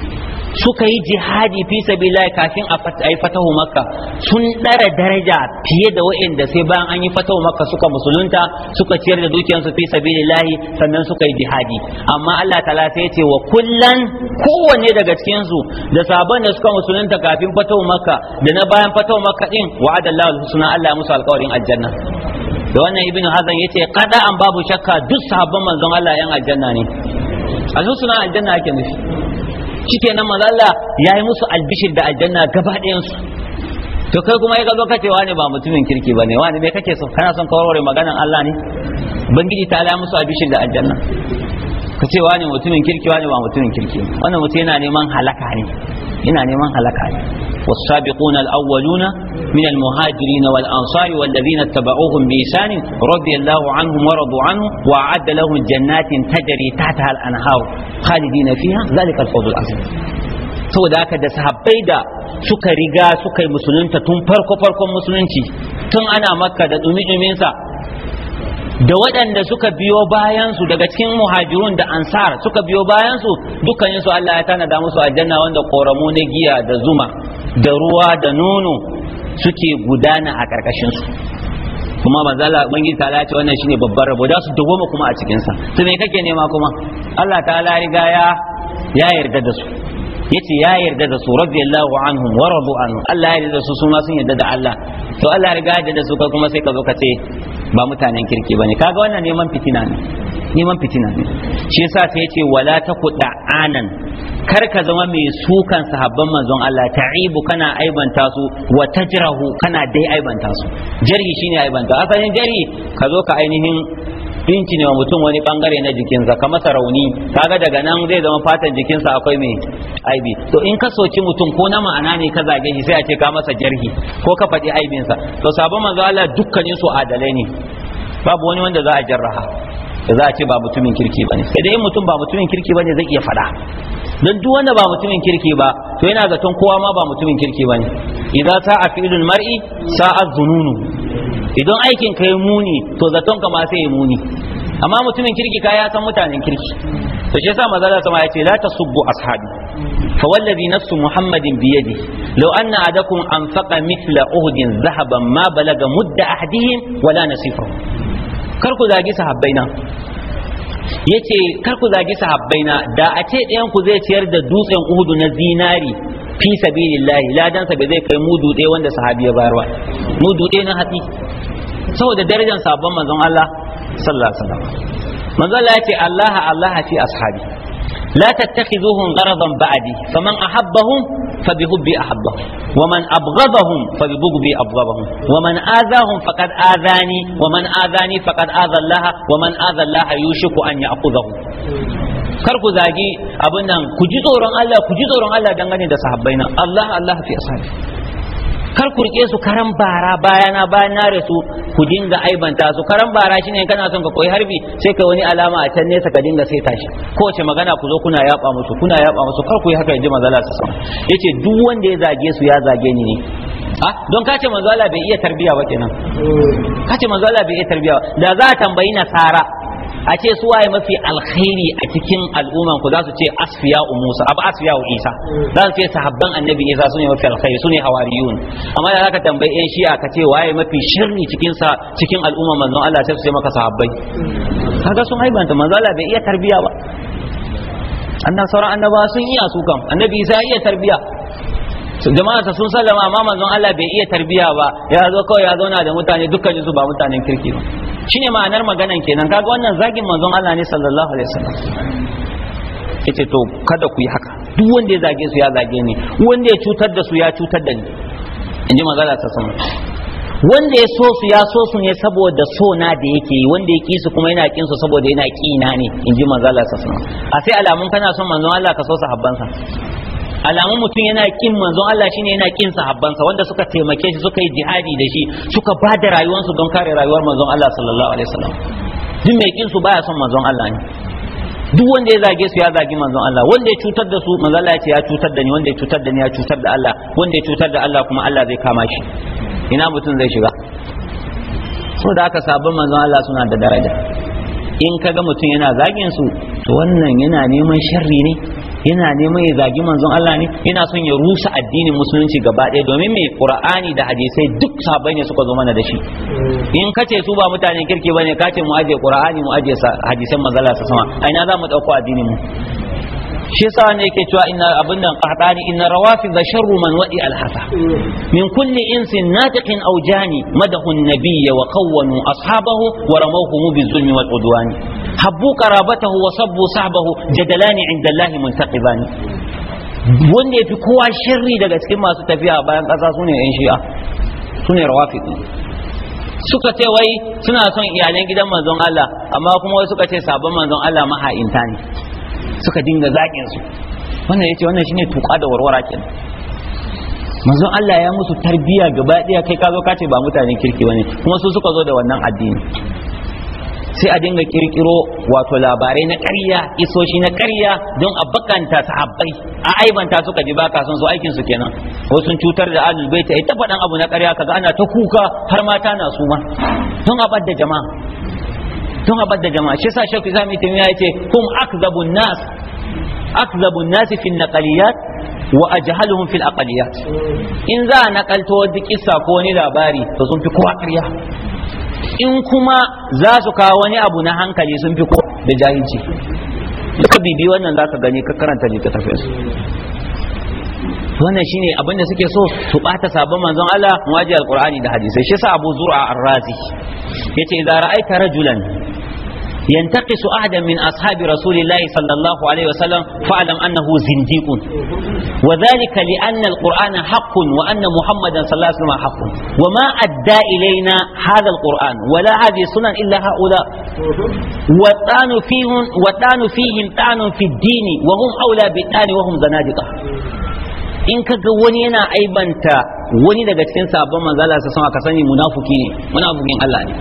suka yi jihadi fi sabilillah kafin a yi fatahu makka sun ɗara daraja fiye da waɗanda sai bayan an yi fatahu makka suka musulunta suka ciyar da dukiyansu fi sabilillah sannan suka yi jihadi amma Allah ta'ala sai ya ce wa kullan kowanne daga cikin su da sabon da suka musulunta kafin fatahu makka da na bayan fatahu makka din wa'adallahu suna Allah musu alƙawarin aljanna da wannan ibnu hazan yace kada an babu shakka duk sabon manzon Allah yan aljanna ne a suna aljanna ake nufi nan manzo Allah yi musu albishir da aljanna gaba ɗayan su to kai kuma ya ka kace wani ba mutumin kirki ba ne? wani me kake so kana son kawarware maganan Allah ne bangiji ta la musu albishir da aljanna ka ce wani mutumin kirki wani ba mutumin kirki wannan mutum yana neman halaka ne yana neman halaka ne والسابقون الأولون من المهاجرين والأنصار والذين اتبعوهم بإحسان رضي الله عنهم ورضوا عنه وأعد لهم جنات تجري تحتها الأنهار خالدين فيها ذلك الفوز العظيم saboda haka da sahabbai da suka riga suka yi musulunta tun farko farkon musulunci tun ana makka da dumi-duminsa da waɗanda suka biyo bayansu daga cikin muhajirun da ansar suka biyo bayansu dukkaninsu Allah ya tanada musu aljanna wanda koramu na giya da zuma da ruwa da nono suke gudana a ƙarƙashinsu kuma manzala ubangiji ta ce wannan shine babbar rabo da su dawoma kuma a cikinsa to me kake nema kuma Allah ta riga ya yarda da su yace ya yarda da su radiyallahu anhum wa radu an Allah ya yarda da su su ma sun yarda da Allah to Allah riga ya yarda da su kai kuma sai ka zo ka ce ba mutanen kirki bane kaga wannan neman fitina ne neman fitina ne shi yasa sai yace wala takuda anan kar ka zama mai sukan sahabban manzon Allah ta'ibu kana aibanta su wa tajrahu kana dai aibanta su jari shine aibanta asalin jari ka zo ka ainihin Binci ne wa mutum wani bangare na jikinsa ka masa rauni kaga daga nan zai zama fatan jikinsa akwai mai aibi to in ka soki mutum ko na ma'ana ne ka zage shi sai a ce ka masa jarhi ko ka faɗi aibinsa to sabon manzo Allah dukkanin su adalai ne babu wani wanda za a jarraha za a ce ba mutumin kirki bane sai dai mutum ba mutumin kirki bane zai iya faɗa don duk wanda ba mutumin kirki ba to yana zaton kowa ma ba mutumin kirki ba ne idza sa'a fi'lul mar'i sa'a zununu idan aikin ka yi muni to zaton ka ma sai ya muni amma mutumin kirki ka ya san mutanen kirki to shi yasa maza da sama yace la tasubbu ashabi fa wallazi nafsu muhammadin bi yadi law anna adakum anfaqa mithla uhdin zahaban ma balaga mudda ahadihin wala nasifa kar ku zagi sahabbaina yace kar ku zagi na da a ce ɗayan ku zai ciyar da dutsen uhudu na zinari fi sabilillahi ladansa bai zai kai mudu ɗaya wanda sahabi ya bayarwa mudu ɗaya na hatsi saboda darajar sabon manzon Allah sallallahu alaihi wasallam manzon Allah ya ce Allah Allah fi ashabi la tattakhizuhum gharadan ba'di faman ahabbahum fabihubbi ahabbahum waman abghadahum fabibughdi abghadahum waman adahum faqad adani waman adani faqad adha Allah waman adha Allah yushiku an ya'khudhahu kar ku zagi abin nan ku ji tsoron Allah ku ji tsoron Allah dangane da nan, Allah Allah fi ashabi kar ku rike su karan bara bayana bayan na rasu ku dinga aibanta su karan bara shine kana son ka koyi harbi sai ka wani alama a can nesa ka dinga sai tashi ko wace magana ku zo kuna yaba musu kuna yaba musu kar ku yi haka inji manzo Allah yace duk wanda ya zage su ya zage ni ne a ah, don ka ce manzo Allah bai iya tarbiya ba kenan ka ce manzo Allah bai iya tarbiya ba da za a tambayi nasara a ce su waye mafi alkhairi a cikin al'umman ku za su ce asfiya u Musa abu asfiya Isa za su ce sahabban annabi Isa sune mafi alkhairi sune hawariyun amma da zaka tambayi yan shi'a ka ce waye mafi shirni cikin sa cikin al'umman manzon Allah sai su ce maka sahabbai kaga sun haibanta manzon Allah bai iya tarbiya ba annan sauran annaba sun iya su kan annabi Isa iya tarbiya ta sun sallama amma manzon Allah bai iya tarbiya ba ya zo kawai ya zauna da mutane dukkan su ba mutanen kirki ba shine ma'anar maganan kenan kaga wannan zagin manzon Allah ne sallallahu alaihi wasallam kace to kada ku yi haka duk wanda ya zage su ya zage ni wanda ya cutar da su ya cutar da ni inji magana ta sama wanda ya so su ya so su ne saboda so na da yake yi wanda ya ki su kuma yana kin su saboda yana ki na ne inji magana ta sama a sai alamun kana son manzon Allah ka so sa alamun mutum yana kin manzo Allah shine yana kin sahabbansa wanda suka taimake shi suka yi jihadi da shi suka ba da rayuwarsu don kare rayuwar manzo Allah sallallahu alaihi wasallam duk mai kin su baya son manzo Allah ne duk wanda ya zage su ya zagi manzon Allah wanda ya cutar da su manzon Allah ya ce ya cutar da ni wanda ya cutar da ni ya cutar da Allah wanda ya cutar da Allah kuma Allah zai kama shi ina mutum zai shiga so da aka sabon manzon Allah suna da daraja in kaga mutum yana zagin su to wannan yana neman sharri ne yana neman ya zagi manzon Allah ne yana son ya rusa addinin musulunci gaba ɗaya domin mai qur'ani da hadisai duk sabai ne suka zo mana da shi hmm. in kace su ba mutanen kirki bane kace mu aje qur'ani mu aje hadisan manzon sa sama aina za mu dauko addinin mu shi yasa wanda yake cewa inna abin da qahdani inna rawafi da sharru man wadi alhasa min kulli insin natiqin aw jani madahu an-nabiyya wa qawwanu ashabahu wa ramawhum bizulmi wal udwan habbu qarabatahu wa sabbu sahbahu jadalani inda Allah muntaqibani wanda yafi kowa sharri daga cikin masu tafiya bayan kasa sune yan shi'a sune rawafi suka ce wai suna son iyalan gidan manzon Allah amma kuma wai suka ce sabon manzon Allah maha'inta ne suka dinga zaƙin su wannan yace wannan shine tuƙa da warwara kenan manzon Allah ya musu tarbiya gaba ɗaya kai ka zo ka ce ba mutane kirki bane kuma su suka zo da wannan addini sai a dinga kirkiro wato labarai na ƙarya isoshi na ƙarya don a bakanta sahabbai a aibanta suka ji baka sun so aikin su kenan ko sun cutar da alul baita ita faɗan abu na ƙarya kaga ana ta kuka har mata na suma don a da jama'a don a da jama'a shi yasa shakku islam ibn taymiya ce, kum akzabun nas akzabun nas fi naqaliyat wa ajhaluhum fil aqaliyat in za a nakalto wani kissa ko wani labari to sun fi kowa ƙarya in kuma za su kawo wani abu na hankali sun fi kowa da jahilci duka bibi wannan za ka gani ka karanta littattafai su wannan shine abin da suke so su bata sabon manzon Allah muwaji alqur'ani da hadisi shi yasa Abu Zur'a Ar-Razi yace idza ra'aita rajulan ينتقص أحدا من أصحاب رسول الله صلى الله عليه وسلم فاعلم أنه زنديق وذلك لأن القرآن حق وأن محمدا صلى الله عليه وسلم حق وما أدى إلينا هذا القرآن ولا هذه السنن إلا هؤلاء والطعن فيهم فيهم طعن في الدين وهم أولى بالطعن وهم زنادقة in ka ga wani yana aibanta wani daga cikin sabon manzala sa sama ka sani munafuki ne munafukin Allah ne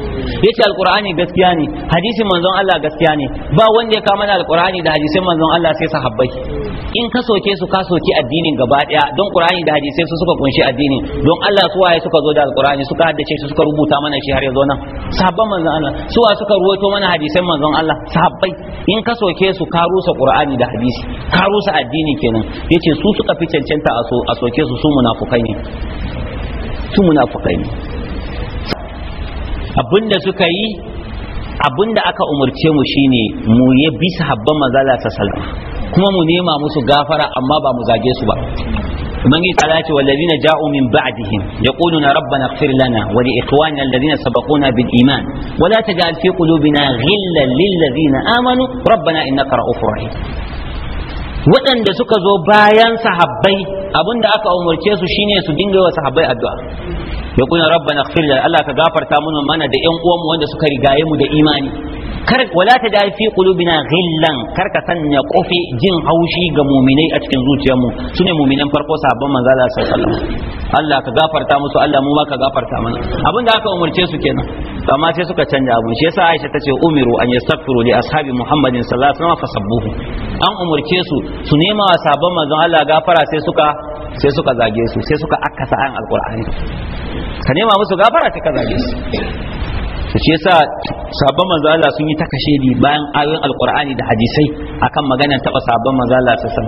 yace alqur'ani gaskiya ne hadisin manzon Allah gaskiya ne ba wanda ya kama da alqur'ani da hadisin manzon Allah sai sahabbai in ka soke su ka soki addinin gaba daya don qur'ani da hadisai su suka kunshi addini don Allah su waye suka zo da alqur'ani suka haddace shi suka rubuta mana shi har ya zo nan sahabban manzon Allah su wa suka ruwato mana hadisan manzon Allah sahabbai in ka soke su ka rusa qur'ani da hadisi ka rusa addini kenan yace su suka fi cancanta a soke su su munafukai ne su munafukai ne abinda suka yi abinda aka umarce mu shine mu ya bisa habban manzala alaihi wasallam kuma mu nema musu gafara amma ba mu zage su ba ubangiji ta ce wallazina ja'u min ba'dihim yaquluna rabbana ighfir lana wa li ikhwanina alladhina sabaquna bil iman wa la taj'al fi qulubina ghillan lil ladzina amanu rabbana innaka ra'ufur rahim waɗanda suka zo bayan sahabbai abinda aka umarce su shine su dinga wa sahabbai addu'a ya kuna rabbana ighfir lana Allah ka gafarta mana mana da ƴan uwanmu wanda suka rigaye mu da imani kar wala ta da'i fi qulubina ghillan kar ka sanya kofi jin haushi ga mu'minai a cikin zuciyarmu sune mu'minan farko sahabban manzo Allah sallallahu alaihi wasallam Allah ka gafarta musu Allah mu ma ka gafarta mana abinda aka umarce su kenan amma sai suka canja abu shi yasa Aisha tace umiru an yastaghfiru li ashabi Muhammadin sallallahu alaihi wasallam fasabbuhu an umarce su su nema wa sabon manzon Allah gafara sai suka sai suka zage su sai suka akasa ayan alkur'ani ka nema musu gafara sai ka zage su to shi yasa sabon manzon Allah sun yi ta kashedi bayan ayoyin alkur'ani da hadisai akan maganar taba sabon manzon Allah sai san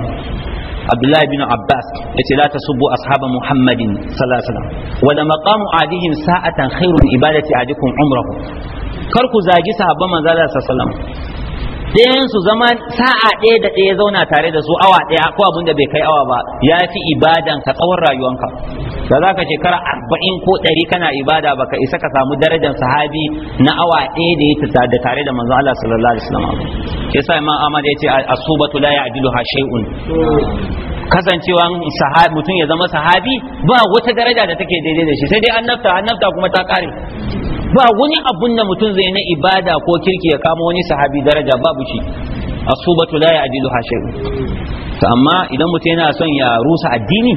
Abdullah ibn Abbas yace la tasubbu ashaba Muhammadin sallallahu alaihi wasallam wala maqamu adihim sa'atan khairun ibadati adikum umrahu kar ku zagi sahabban manzon Allah sallallahu alaihi wasallam ɗayan su zama sa'a ɗaya da ɗaya zauna tare da su awa ɗaya ko abin da bai kai awa ba ya fi ibadan ka tsawon rayuwanka da za ka shekara arba'in ko ɗari kana ibada ba ka isa ka samu darajar sahabi na awa ɗaya da ya da tare da manzo Allah sallallahu alaihi wasallam sa imam Ahmad ya ce asubatu la ya'diluha shay'un kasancewan sahabi mutum ya zama sahabi ba wata daraja da take daidai da shi sai dai an an nafta kuma ta kare ba wani abun da mutum zai na ibada ko kirki ya kama wani sahabi daraja babu shi asubatu la ya'dilu hashir to amma idan mutum yana son ya rusa addini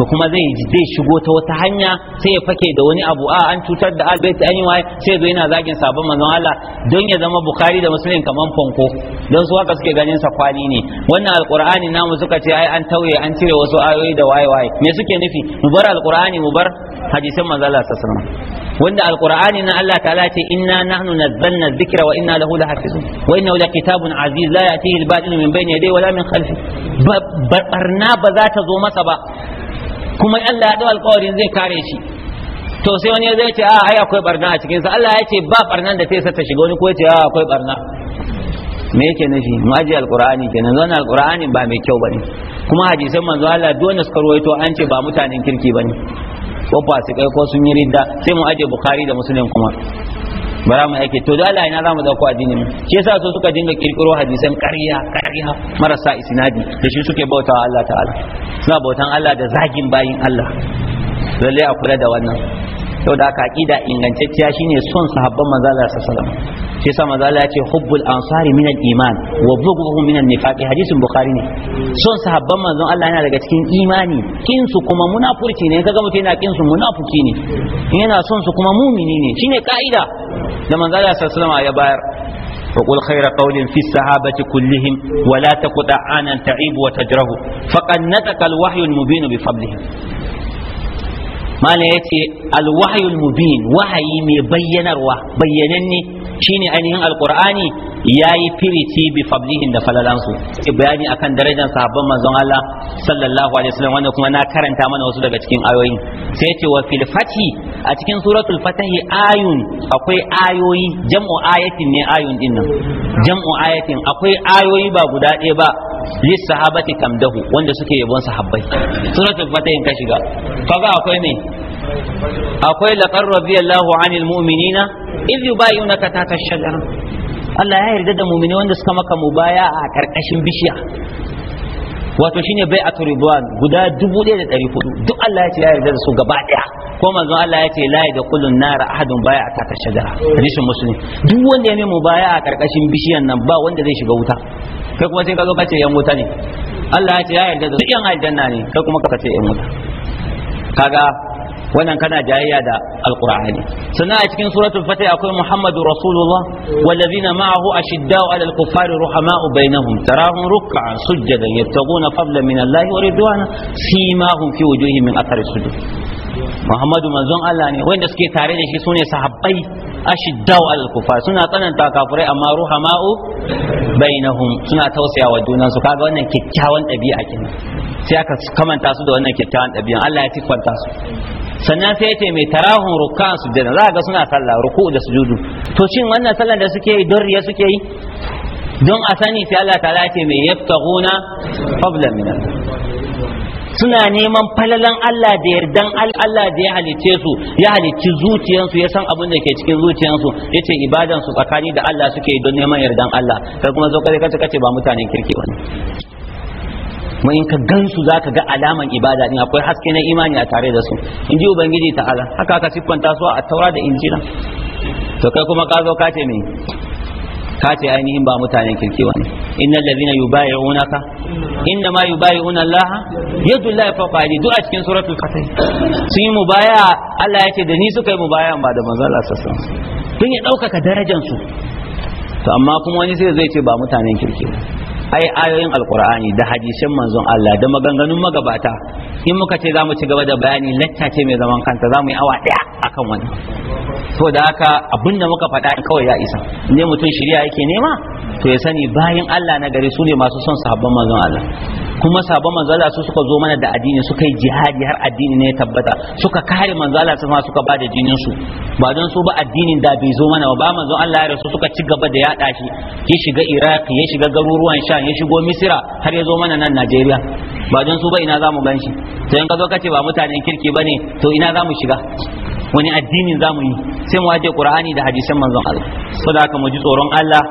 to kuma zai zai shigo ta wata hanya sai ya fake da wani abu a an cutar da albaiti an yi waye sai zo yana zagin sabon manzon Allah don ya zama bukhari da muslim kamar fanko don su haka suke ganin sa kwali ne wannan alqur'ani namu suka ce ai an tauye an cire wasu ayoyi da waye waye me suke nufi mu bar alqur'ani mu bar hadisin manzon Allah sallallahu alaihi wasallam wanda alqur'ani na Allah ta'ala ce inna nahnu nazzalna dhikra wa inna lahu lahafizun wa innahu lakitabun aziz la ya'tihi al-batil min bayni yadayhi wa la min khalfihi barna ba za ta zo masa ba kuma Allah ya dawo alƙawarin zai kare shi to sai wani zai ce a ah, ai akwai barna a cikin sa Allah ya ce ba barnan da sai ta shiga wani ko ya ce a ah, akwai barna me yake nufi mu aje alqur'ani kenan zan alqur'ani ba mai kyau bane kuma hadisan manzo Allah duk wanda suka rawaito an ce ba mutanen kirki bane ko fasikai ko sun yi ridda sai mu aje bukhari da muslim kuma ba za mu aike to da Allah ina za mu dauko addini mu shi yasa so suka dinga kirkiro hadisan ƙarya ƙarya marasa isnadi da shi suke bauta Allah ta'ala suna bautan Allah da zagin bayin Allah lalle a kula da wannan sau da aka aƙida ingantacciya shine son sahabban manzala sa salam shi sa manzala ya ce hubbul ansari minal iman wa bughdhuhum minan nifaqi hadisin bukhari ne son sahabban manzon Allah yana daga cikin imani kin su kuma munafurci ne kaga mutum yana kin su munafuki ne yana son su kuma mumini ne shine ka'ida da manzala sa salama ya bayar وقل خير قول في الصحابة كلهم ولا تقطع عنا تعيب وتجره فقد نطق الوحي المبين بفضلهم mana ya ce alwahayul mubin wahayi mai bayyanarwa bayyananne shine ainihin alqur'ani yayi firiti bi fablihin da falalansu bayani akan darajar sahabban manzon Allah sallallahu alaihi wasallam wanda kuma na karanta mana wasu daga cikin ayoyin sai ya ce wa fil fathi a cikin suratul fatahi ayun akwai ayoyi jam'u ayatin ne ayun dinnan jam'u ayatin akwai ayoyi ba guda ɗaya ba lis sahabati kamdahu wanda suke yabon sahabbai suratul fatahin ka shiga kaga akwai ne akwai laqad radiyallahu anil mu'minina idh yubayunaka tahta ash-shajara Allah ya yarda da mu'mini wanda suka maka mubaya a karkashin bishiya wato shine bai a ridwan guda dubu da hudu duk Allah ya ce ya yarda da su gaba daya ko manzon Allah ya ce la da kullun nara ahadun baya ta ta shajara hadisin muslim duk wanda ya nemi baya a karkashin bishiyan nan ba wanda zai shiga wuta kai kuma sai ka zo ka ce yan wuta ne Allah ya ce ya yarda da su yan aljanna ne kai kuma ka ce yan wuta kaga wannan kana jayayya da alqur'ani sannan a cikin suratul fatih akwai muhammadu rasulullah wallazina ma'ahu ashiddau 'alal kuffari ruhama'u bainahum tarahum ruk'an sujjadan yattaquna fadlan min allahi wa ridwana hum fi wujuhihim min athari sujud Muhammadu manzon Allah ne wanda suke tare da shi sune sahabbai ashiddau al kufa suna tsananta kafurai amma ruhama'u bainahum suna tausayawa su kaga wannan kyakkyawan ɗabi'a kenan sai aka kamanta su da wannan kyakkyawan ɗabi'a Allah ya siffanta su sannan sai yace mai tarahun su da za ga suna sallah ruku da sujudu to shin wannan sallar da suke yi don riya suke yi don a sani sai Allah ta ce mai yaftaguna qabla min suna neman falalan Allah da yardan Allah da ya halice su ya halici zuciyansu ya san abin da ke cikin zuciyansu ce ibadan su tsakani da Allah suke don neman yardan Allah kai kuma zo kai kace kace ba mutanen kirki bane Mai in ka gansu za ka ga alaman ibada din akwai haske na imani a tare da su in ji ubangiji ta'ala haka ka siffanta su a taura da injila to kai kuma ka zo ka me ka ce ainihin ba mutanen kirki ba ne innal ladina yubayi'unaka inna ma yubayi'una Allah yadu fawqa aydi duk du'a cikin suratul qasas sun yi mubaya Allah ya ce da ni suka yi mubaya ba da manzon Allah sallallahu alaihi wasallam tun ya daukaka darajar su to amma kuma wani sai zai ce ba mutanen kirki ai ayoyin alkur'ani da hadisin manzon Allah da maganganun magabata in muka ce za mu ci gaba da bayani lacca ce mai zaman kanta za mu yi awa ɗaya akan wani to da haka abin da muka faɗa kawai ya isa ne mutum shirya yake nema to ya sani bayan Allah na gari su ne masu son sahabban manzon Allah kuma sabon manzon Allah su suka zo mana da addini suka yi jihadi har addini ne ya tabbata suka kare manzon Allah su ma suka bada jinin su ba don su ba addinin da bai zo mana ba manzon Allah ya rasu suka ci gaba da yaɗa shi ya shiga Iraq ya shiga garuruwan sha Pakistan ya shigo Misira har ya zo mana nan Najeriya ba don su ba ina za mu ganshi to in ka zo kace ba mutanen kirki bane to ina za mu shiga wani addinin za mu yi sai mu waje Qur'ani da hadisan manzon Allah saboda haka mu ji tsoron Allah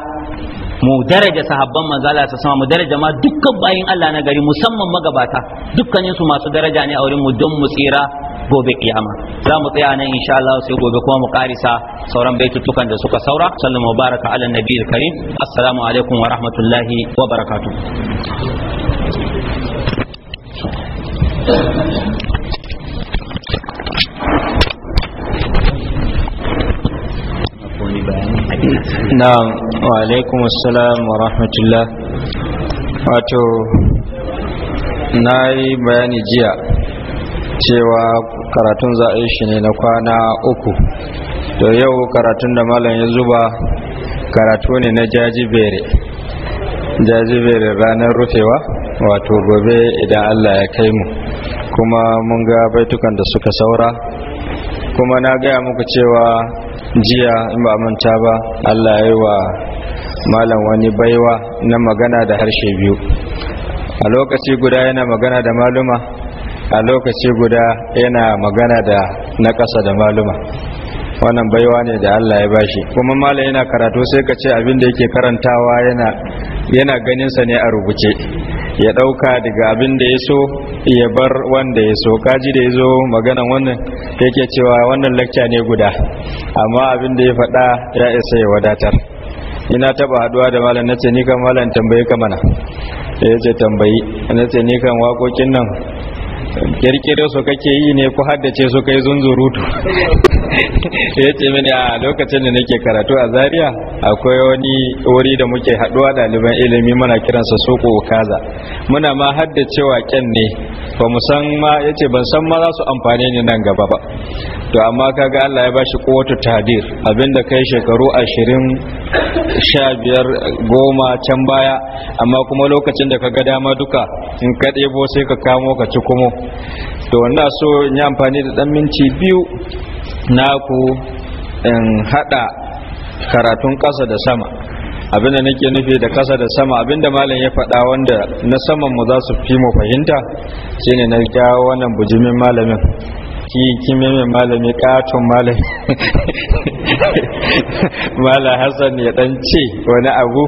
mu daraja sahabban manzo Allah ta sama mu daraja ma dukkan bayin Allah na gari musamman magabata dukkanin su masu daraja ne a wurin mu don mu tsira gobe kiyama za mu tsaya nan insha Allah sai gobe kuma mu karisa sauran baitutukan da suka saura sallallahu mubaraka ala nabi karim assalamu alaikum wa rahmatullahi wa barakatuh na'am wa alaikum assalam na yi bayani jiya cewa karatun za a yi shi ne na kwana uku to yau karatun da malam ya zuba karatu ne na jajibere jajibere ranar rufewa wato gobe idan allah ya kai mu kuma mun ga baitukan da suka saura kuma na gaya muku cewa jiya in ba manta ba allah ya yi wa malam wani baiwa na magana da harshe biyu a lokaci guda yana magana da maluma a lokaci guda yana magana da na ƙasa da maluma wannan baiwa ne da allah ya bashi kuma malam yana karatu sai ka ce abin da yake karantawa yana ganinsa ne a rubuce ya ɗauka daga abin da ya so ya bar wanda ya so kaji da ya zo maganan wannan yake cewa wannan lakca ne guda amma abin da ya faɗa ya isa ya wadatar ina taba haɗuwa da malam ce ni kan malam tambaye ka mana ya ce tambayi ce ni kan waƙoƙin nan kirkire su kake yi ne ku haddace su kai zunzurutu [laughs] ya ce mini a lokacin da nake karatu a Zariya, akwai wani wuri da muke haduwa ɗaliban ilimi muna kiransa soko kaza muna ma haddace waken ne ba mu san ma ya ce ban san ma za su amfani ne nan gaba ba to amma kaga allah ya bashi kowace tadir abinda kai shekaru ashirin sha biyar goma can baya amma kuma lokacin da ka ga dama duka in ka ɗebo sai ka kamo ka ci kuma to wannan so in yi amfani da dan minti biyu na ku in hada karatun kasa da sama abinda nake nufi da kasa da sama abinda malam ya faɗa wanda na saman mu za su fi mu fahimta shine na ga wannan bujimin malamin ki mai malami katon malami [laughs] mala hassan ya dan ce wani abu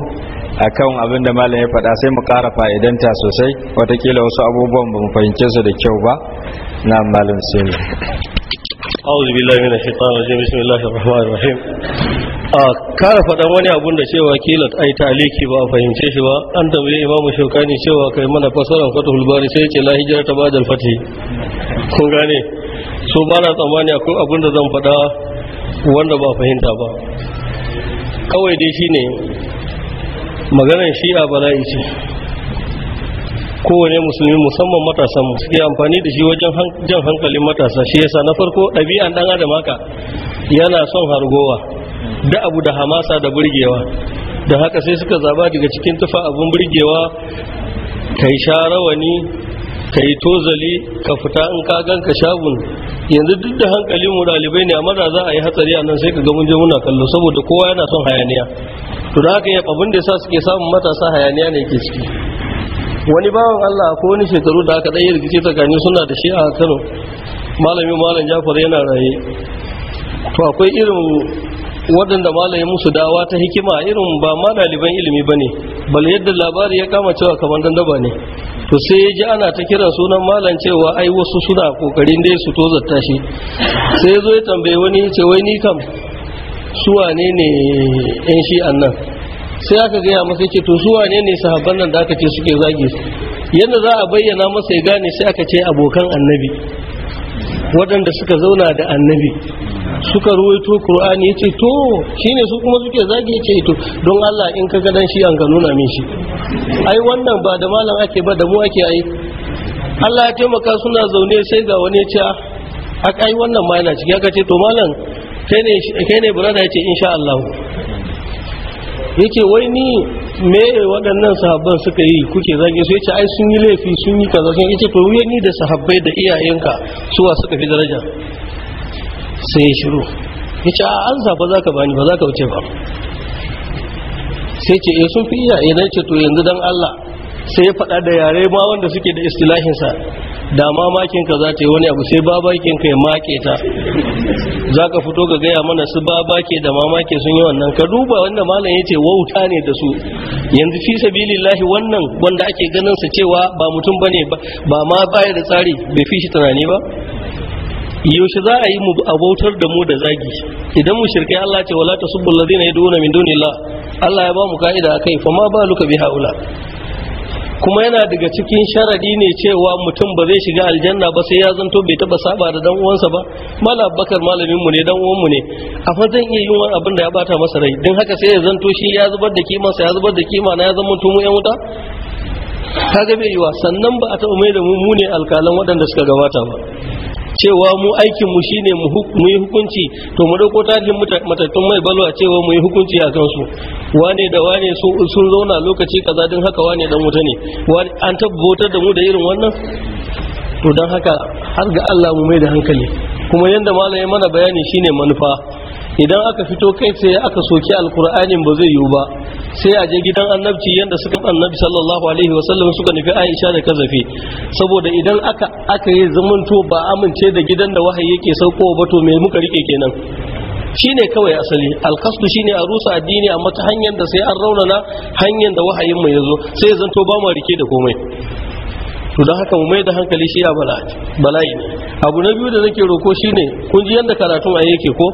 akan abin da malam ya faɗa sai mu ƙara fa'idanta sosai watakila wasu abubuwan ba mu fahimce su da kyau ba na malam sai mu أعوذ بالله من الشيطان الرجيم بسم الله الرحمن الرحيم kara faɗan wani abun da cewa kila ai taliki ba fahimce shi ba an tambaye imamu shokani cewa kai mana fasaran fatul bari sai ce la hijira ta ba'da al-fatih kun gane so ba na tsammani akwai abun da zan faɗa wanda ba fahimta ba kawai dai shine maganar shi'a bala'i ce kowane musulmi musamman matasan mu suke amfani da shi wajen jan hankalin matasa shi yasa na farko ɗabi'an ɗan adam haka yana son hargowa da abu da hamasa da burgewa da haka sai suka zaba daga cikin tufa abun burgewa kai sha rawani ka yi tozali ka fita in ka gan ka shagun yanzu duk da hankali mu ɗalibai ne amma da za a yi hatsari a nan sai ka ga muna kallo saboda kowa yana son hayaniya to da haka ya abin da yasa suke samun matasa hayaniya ne ke ciki wani bawan Allah ko wani shekaru da aka ɗan yi rikici tsakanin suna da shi a Kano malamin malam Jafar yana raye to akwai irin waɗanda malayin musu dawa ta hikima irin ba ma ɗaliban ilimi ba ne bal yadda labari ya kama cewa kamar dandaba ne to sai ya ji ana ta kira sunan malam cewa ai wasu suna kokarin dai su tozarta shi sai zo ya tambaye wani ce wai ni kam su wane ne yan shi annan sai aka gaya masa ce to su wane ne sahabban nan da aka ce suke zagi yadda za a bayyana masa ya gane sai aka ce abokan annabi waɗanda suka zauna da annabi suka ruwaito qur'ani yace to shine su kuma suke zagi yace to don Allah in ka ga shi an ka nuna min shi ai wannan ba da malam ake ba da mu ake ai Allah ya taimaka suna zaune sai ga wani ya a kai wannan ma yana ciki ya ce to malam kai ne kai ne brother yace insha Allah yake wai ni me waɗannan sahabban suka yi kuke zage su yace ai sun yi laifi sun yi kaza sun yace to ni da sahabbai da iyayenka suwa suka fi daraja sai ya shiru ya ce an zaba za ka bani ba za ka wuce ba sai ce ya eh, sun fi iya idan ce to yanzu don allah sai ya faɗa da yare ma wanda suke da istilahinsa da ma ka za ta yi wani abu sai ka ya make ta za ka fito ga gaya mana su babake da mamake sun yi wannan ka duba wanda malam ya ce wauta ne da su yanzu fi lahi wannan wanda ake ganin sa cewa ba mutum bane ba ma baya da tsari bai fi shi tunani ba yaushe za a yi mu abautar da mu da zagi idan mu shirkai Allah ce wala tasubbu ladina yad'una min dunillah Allah ya ba mu kaida akai fa ma baluka bi haula kuma yana daga cikin sharadi ne cewa mutum ba zai shiga aljanna ba sai ya zanto bai taba saba da dan uwansa ba mallam bakar malamin mu ne dan uwan mu ne amma zan iya yin wani abin da ya bata masa rai dan haka sai ya zanto shi ya zubar da kimansa ya zubar da kima na ya zama mutum yan wuta kaga bai yiwa sannan ba a taɓa mai da mu ne alkalan waɗanda suka gabata ba cewa mu aikin mu shine mu yi hukunci to mu dauko tarihin matattun mai balo cewa mu yi hukunci a kansu wane da wane sun zauna lokaci kaza din haka wane dan wuta ne an tabbatar da mu da irin wannan to don haka har ga Allah mu mai da hankali kuma yadda malamai mana bayani shine manufa idan aka fito kai sai aka soki alkur'anin ba zai yiwu ba sai a je gidan annabci yadda suka annabi sallallahu alaihi wasallam suka nufi aisha da kazafi saboda idan aka aka yi zamanto ba amince da gidan da wahayi yake sauko ba to me muka rike kenan shine kawai asali alkastu shine a rusa addini amma ta hanyar da sai an raunana hanyar da wahayin mu yazo sai zanto ba mu rike da komai to don haka mu mai da hankali shi a bala'i abu na biyu da nake roko shine kun ji yadda karatun a yake ko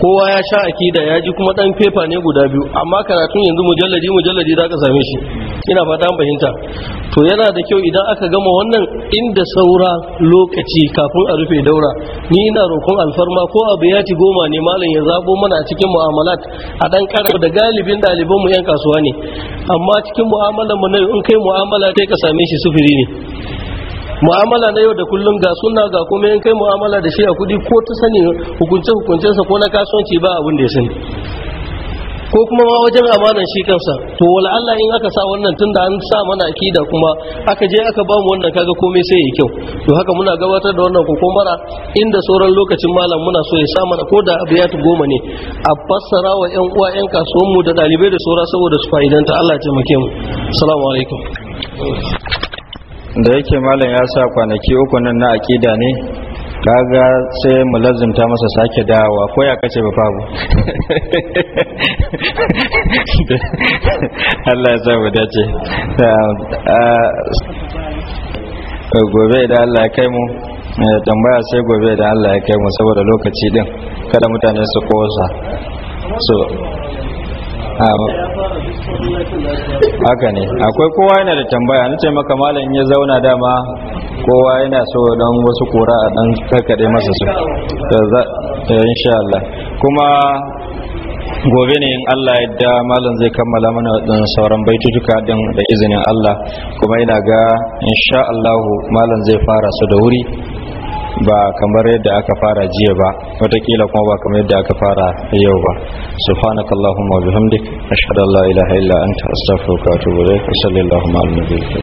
kowa ya sha akida ya ji kuma dan fefa ne guda biyu amma karatun yanzu mujallaji mujalladi za ka same shi ina fata an fahimta to yana da kyau idan aka gama wannan inda saura lokaci kafin a rufe daura ni ina roƙon alfarma ko abu ya ci goma ne malam ya zabo mana a cikin mu'amalat a dan karatu da galibin ɗaliban mu yan kasuwa ne amma cikin mu'amalar mu na in kai mu'amala kai ka same shi sufuri ne mu'amala na yau da kullum ga suna ga kuma in kai mu'amala da shi a kudi ko ta sani hukunce hukuncensa ko na kasuwanci ba abin da ya sani ko kuma ma wajen amanan shi kansa to wala Allah in aka sa wannan tunda an sa mana akida kuma aka je aka ba mu wannan kaga komai sai yayi kyau to haka muna gabatar da wannan kokomara inda sauran lokacin malam muna so ya sa mana ko da abiyatu goma ne a fassara wa ƴan uwa ƴan kasuwan mu da dalibai da saura saboda su fa'idanta Allah ya taimake mu assalamu alaikum da yake malam ya sa kwanaki uku nan na akida ne kaga sai mu lazimta masa sake dawowa ko ya kace ba babu [laughs] Allah ya sa mu dace ah, ah, gobe da Allah ya kai mu eh, tambaya sai gobe da Allah ya kai mu saboda lokaci din kada mutane su kosa so haka ne akwai kowa yana da tambaya na maka malam ya zauna dama kowa yana so don wasu kura a dan karkade masa su insha Allah kuma gobe ne in Allah ya da malam zai kammala mana din sauran baitutuka din da izinin Allah kuma ina ga insha Allah malam zai fara su da wuri ba kamar yadda aka fara jiya ba watakila kuma ba kamar yadda aka fara yau ba subhanakallahumma wa bihamdik ashhadu an la ilaha illa anta astaghfiruka wa atubu sallallahu alaihi wa sallam